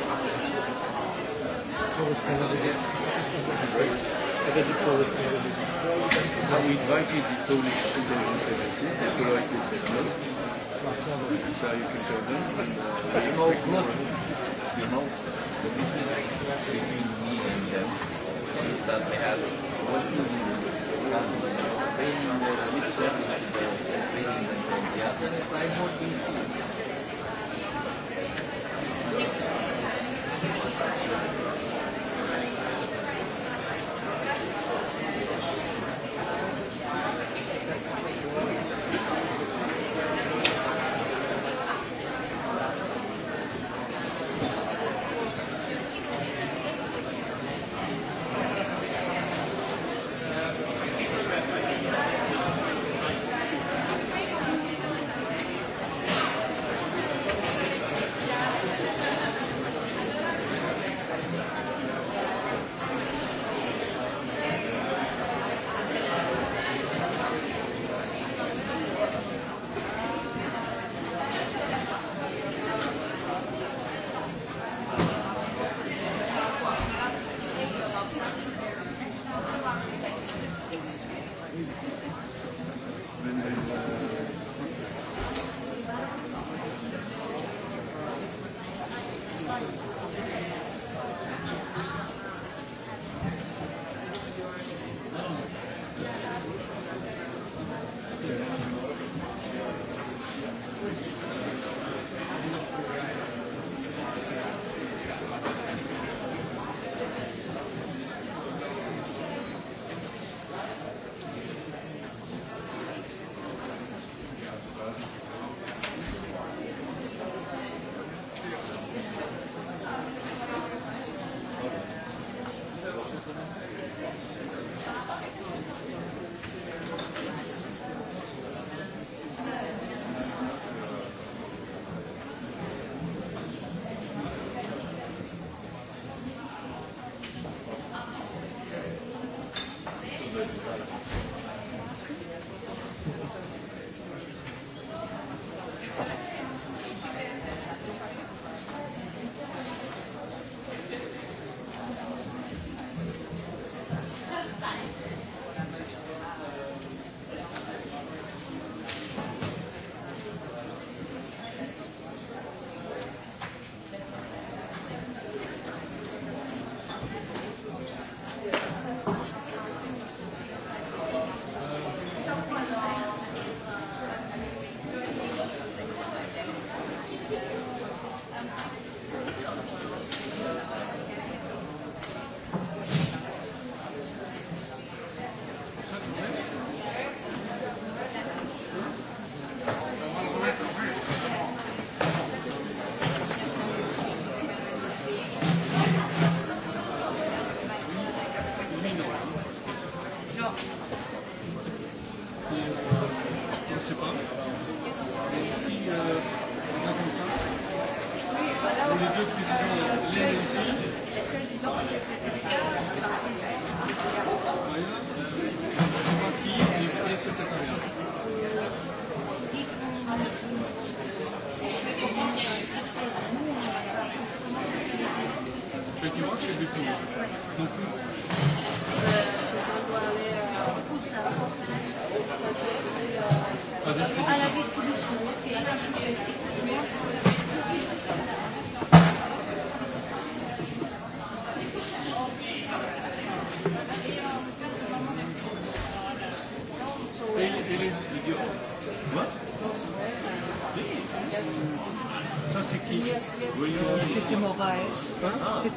Now we invited the Polish students and scientists, the Polaris Club. So you can join them. And, uh, we expect more. You know, the meeting between me and them is that they have one evening training the lip service to the training them from the other, and I'm working too.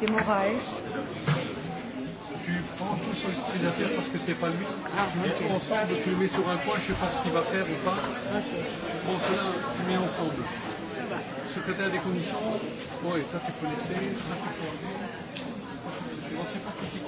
de Moraes. Tu prends tout son esprit d'affaires parce que c'est pas lui. Ah, okay. Mais ensemble, tu le mets sur un coin, je sais pas ce qu'il va faire ou pas. Okay. Tu prends cela, tu mets ensemble. Secrétaire des commissions, ouais, ça tu peux laisser, ça tu peux laisser. Je ne sais pas qui c'est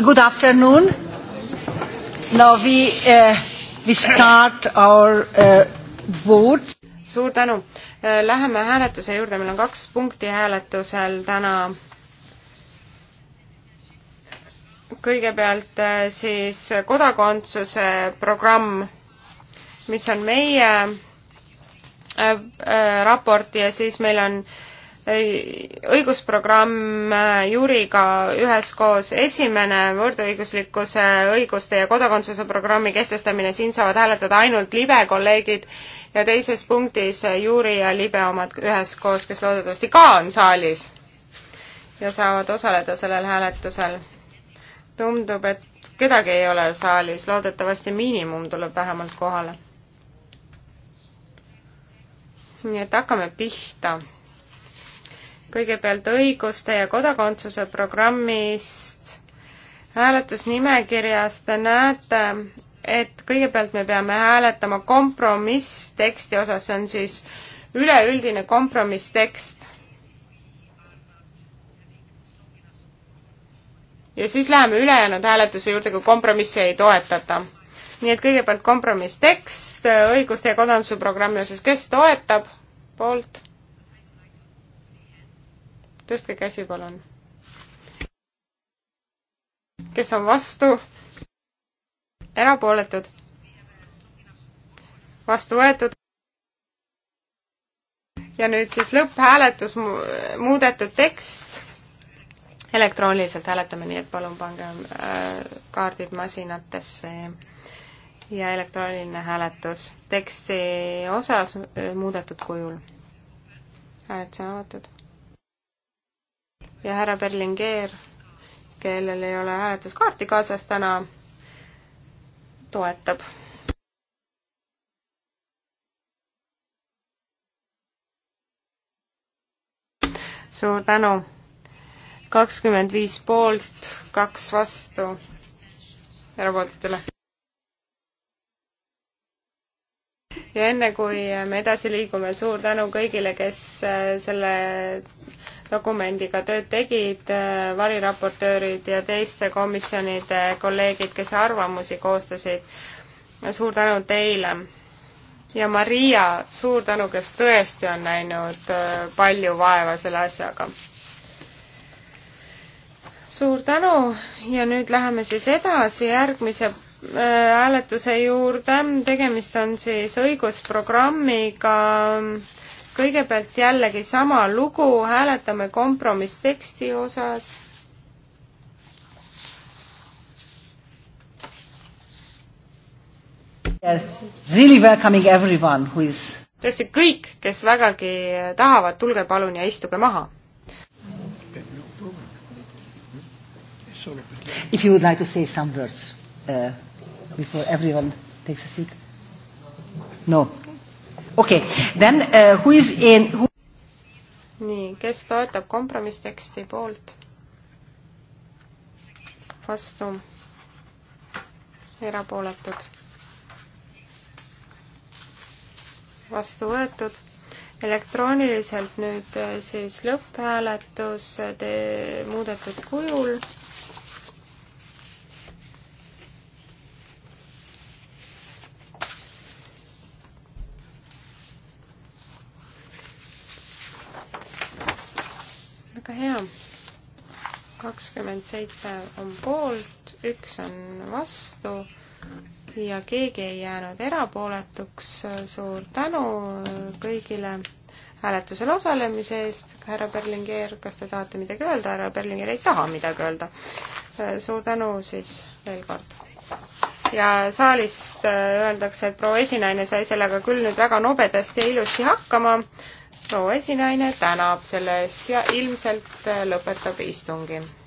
Good afternoon. Now we, uh, we start our uh, vote. suur tänu. Äh, läheme hääletuse juurde, meil on kaks punkti hääletusel täna. kõigepealt äh, siis kodakondsuse programm, mis on meie äh, raporti ja siis meil on äh, õigusprogramm äh, Juriga üheskoos. esimene võrdõiguslikkuse, õiguste ja kodakondsuse programmi kehtestamine, siin saavad hääletada ainult libe kolleegid ja teises punktis äh, Juri ja libe omad üheskoos, kes loodetavasti ka on saalis ja saavad osaleda sellel hääletusel. tundub, et kedagi ei ole saalis, loodetavasti miinimum tuleb vähemalt kohale. nii et hakkame pihta kõigepealt õiguste ja kodakondsuse programmist hääletusnimekirjas te näete, et kõigepealt me peame hääletama kompromissteksti osas, see on siis üleüldine kompromisstekst. ja siis läheme ülejäänud hääletuse juurde, kui kompromissi ei toetata. nii et kõigepealt kompromisstekst õiguste ja kodakondsuse programmi osas, kes toetab, poolt tõstke käsi, palun. kes on vastu? erapooletud? vastu võetud? ja nüüd siis lõpphääletus, muudetud tekst. elektrooniliselt hääletame, nii et palun pange äh, kaardid masinatesse ja elektrooniline hääletus teksti osas äh, muudetud kujul. hääletus on avatud ja härra Berlinger, kellel ei ole hääletuskaarti kaasas täna, toetab. suur tänu. kakskümmend viis poolt, kaks vastu, erapooletutele. ja enne, kui me edasi liigume, suur tänu kõigile, kes äh, selle dokumendiga tööd tegid, äh, variraportöörid ja teiste komisjonide kolleegid, kes arvamusi koostasid. suur tänu teile! ja Maria, suur tänu, kes tõesti on näinud äh, palju vaeva selle asjaga. suur tänu ja nüüd läheme siis edasi järgmise äh, hääletuse juurde, tegemist on siis õigusprogrammiga kõigepealt jällegi sama lugu, hääletame kompromissteksti osas. Really welcoming everyone who is tõesti kõik, kes vägagi tahavad, tulge palun ja istuge maha. If you would like to say some words uh, before everyone takes a seat. no okei okay., then uh, who is in who...? nii, kes toetab kompromissteksti poolt? vastu? erapooletud? vastu võetud? elektrooniliselt nüüd äh, siis lõpphääletus äh, muudetud kujul kakskümmend seitse on poolt, üks on vastu ja keegi ei jäänud erapooletuks. suur tänu kõigile hääletusel osalemise eest. härra Berlinger, kas te tahate midagi öelda? härra Berlinger ei taha midagi öelda. suur tänu siis veel kord. ja saalist äh, öeldakse, et proua esinaine sai sellega küll nüüd väga nobedasti ja ilusti hakkama. proua esinaine tänab selle eest ja ilmselt äh, lõpetab istungi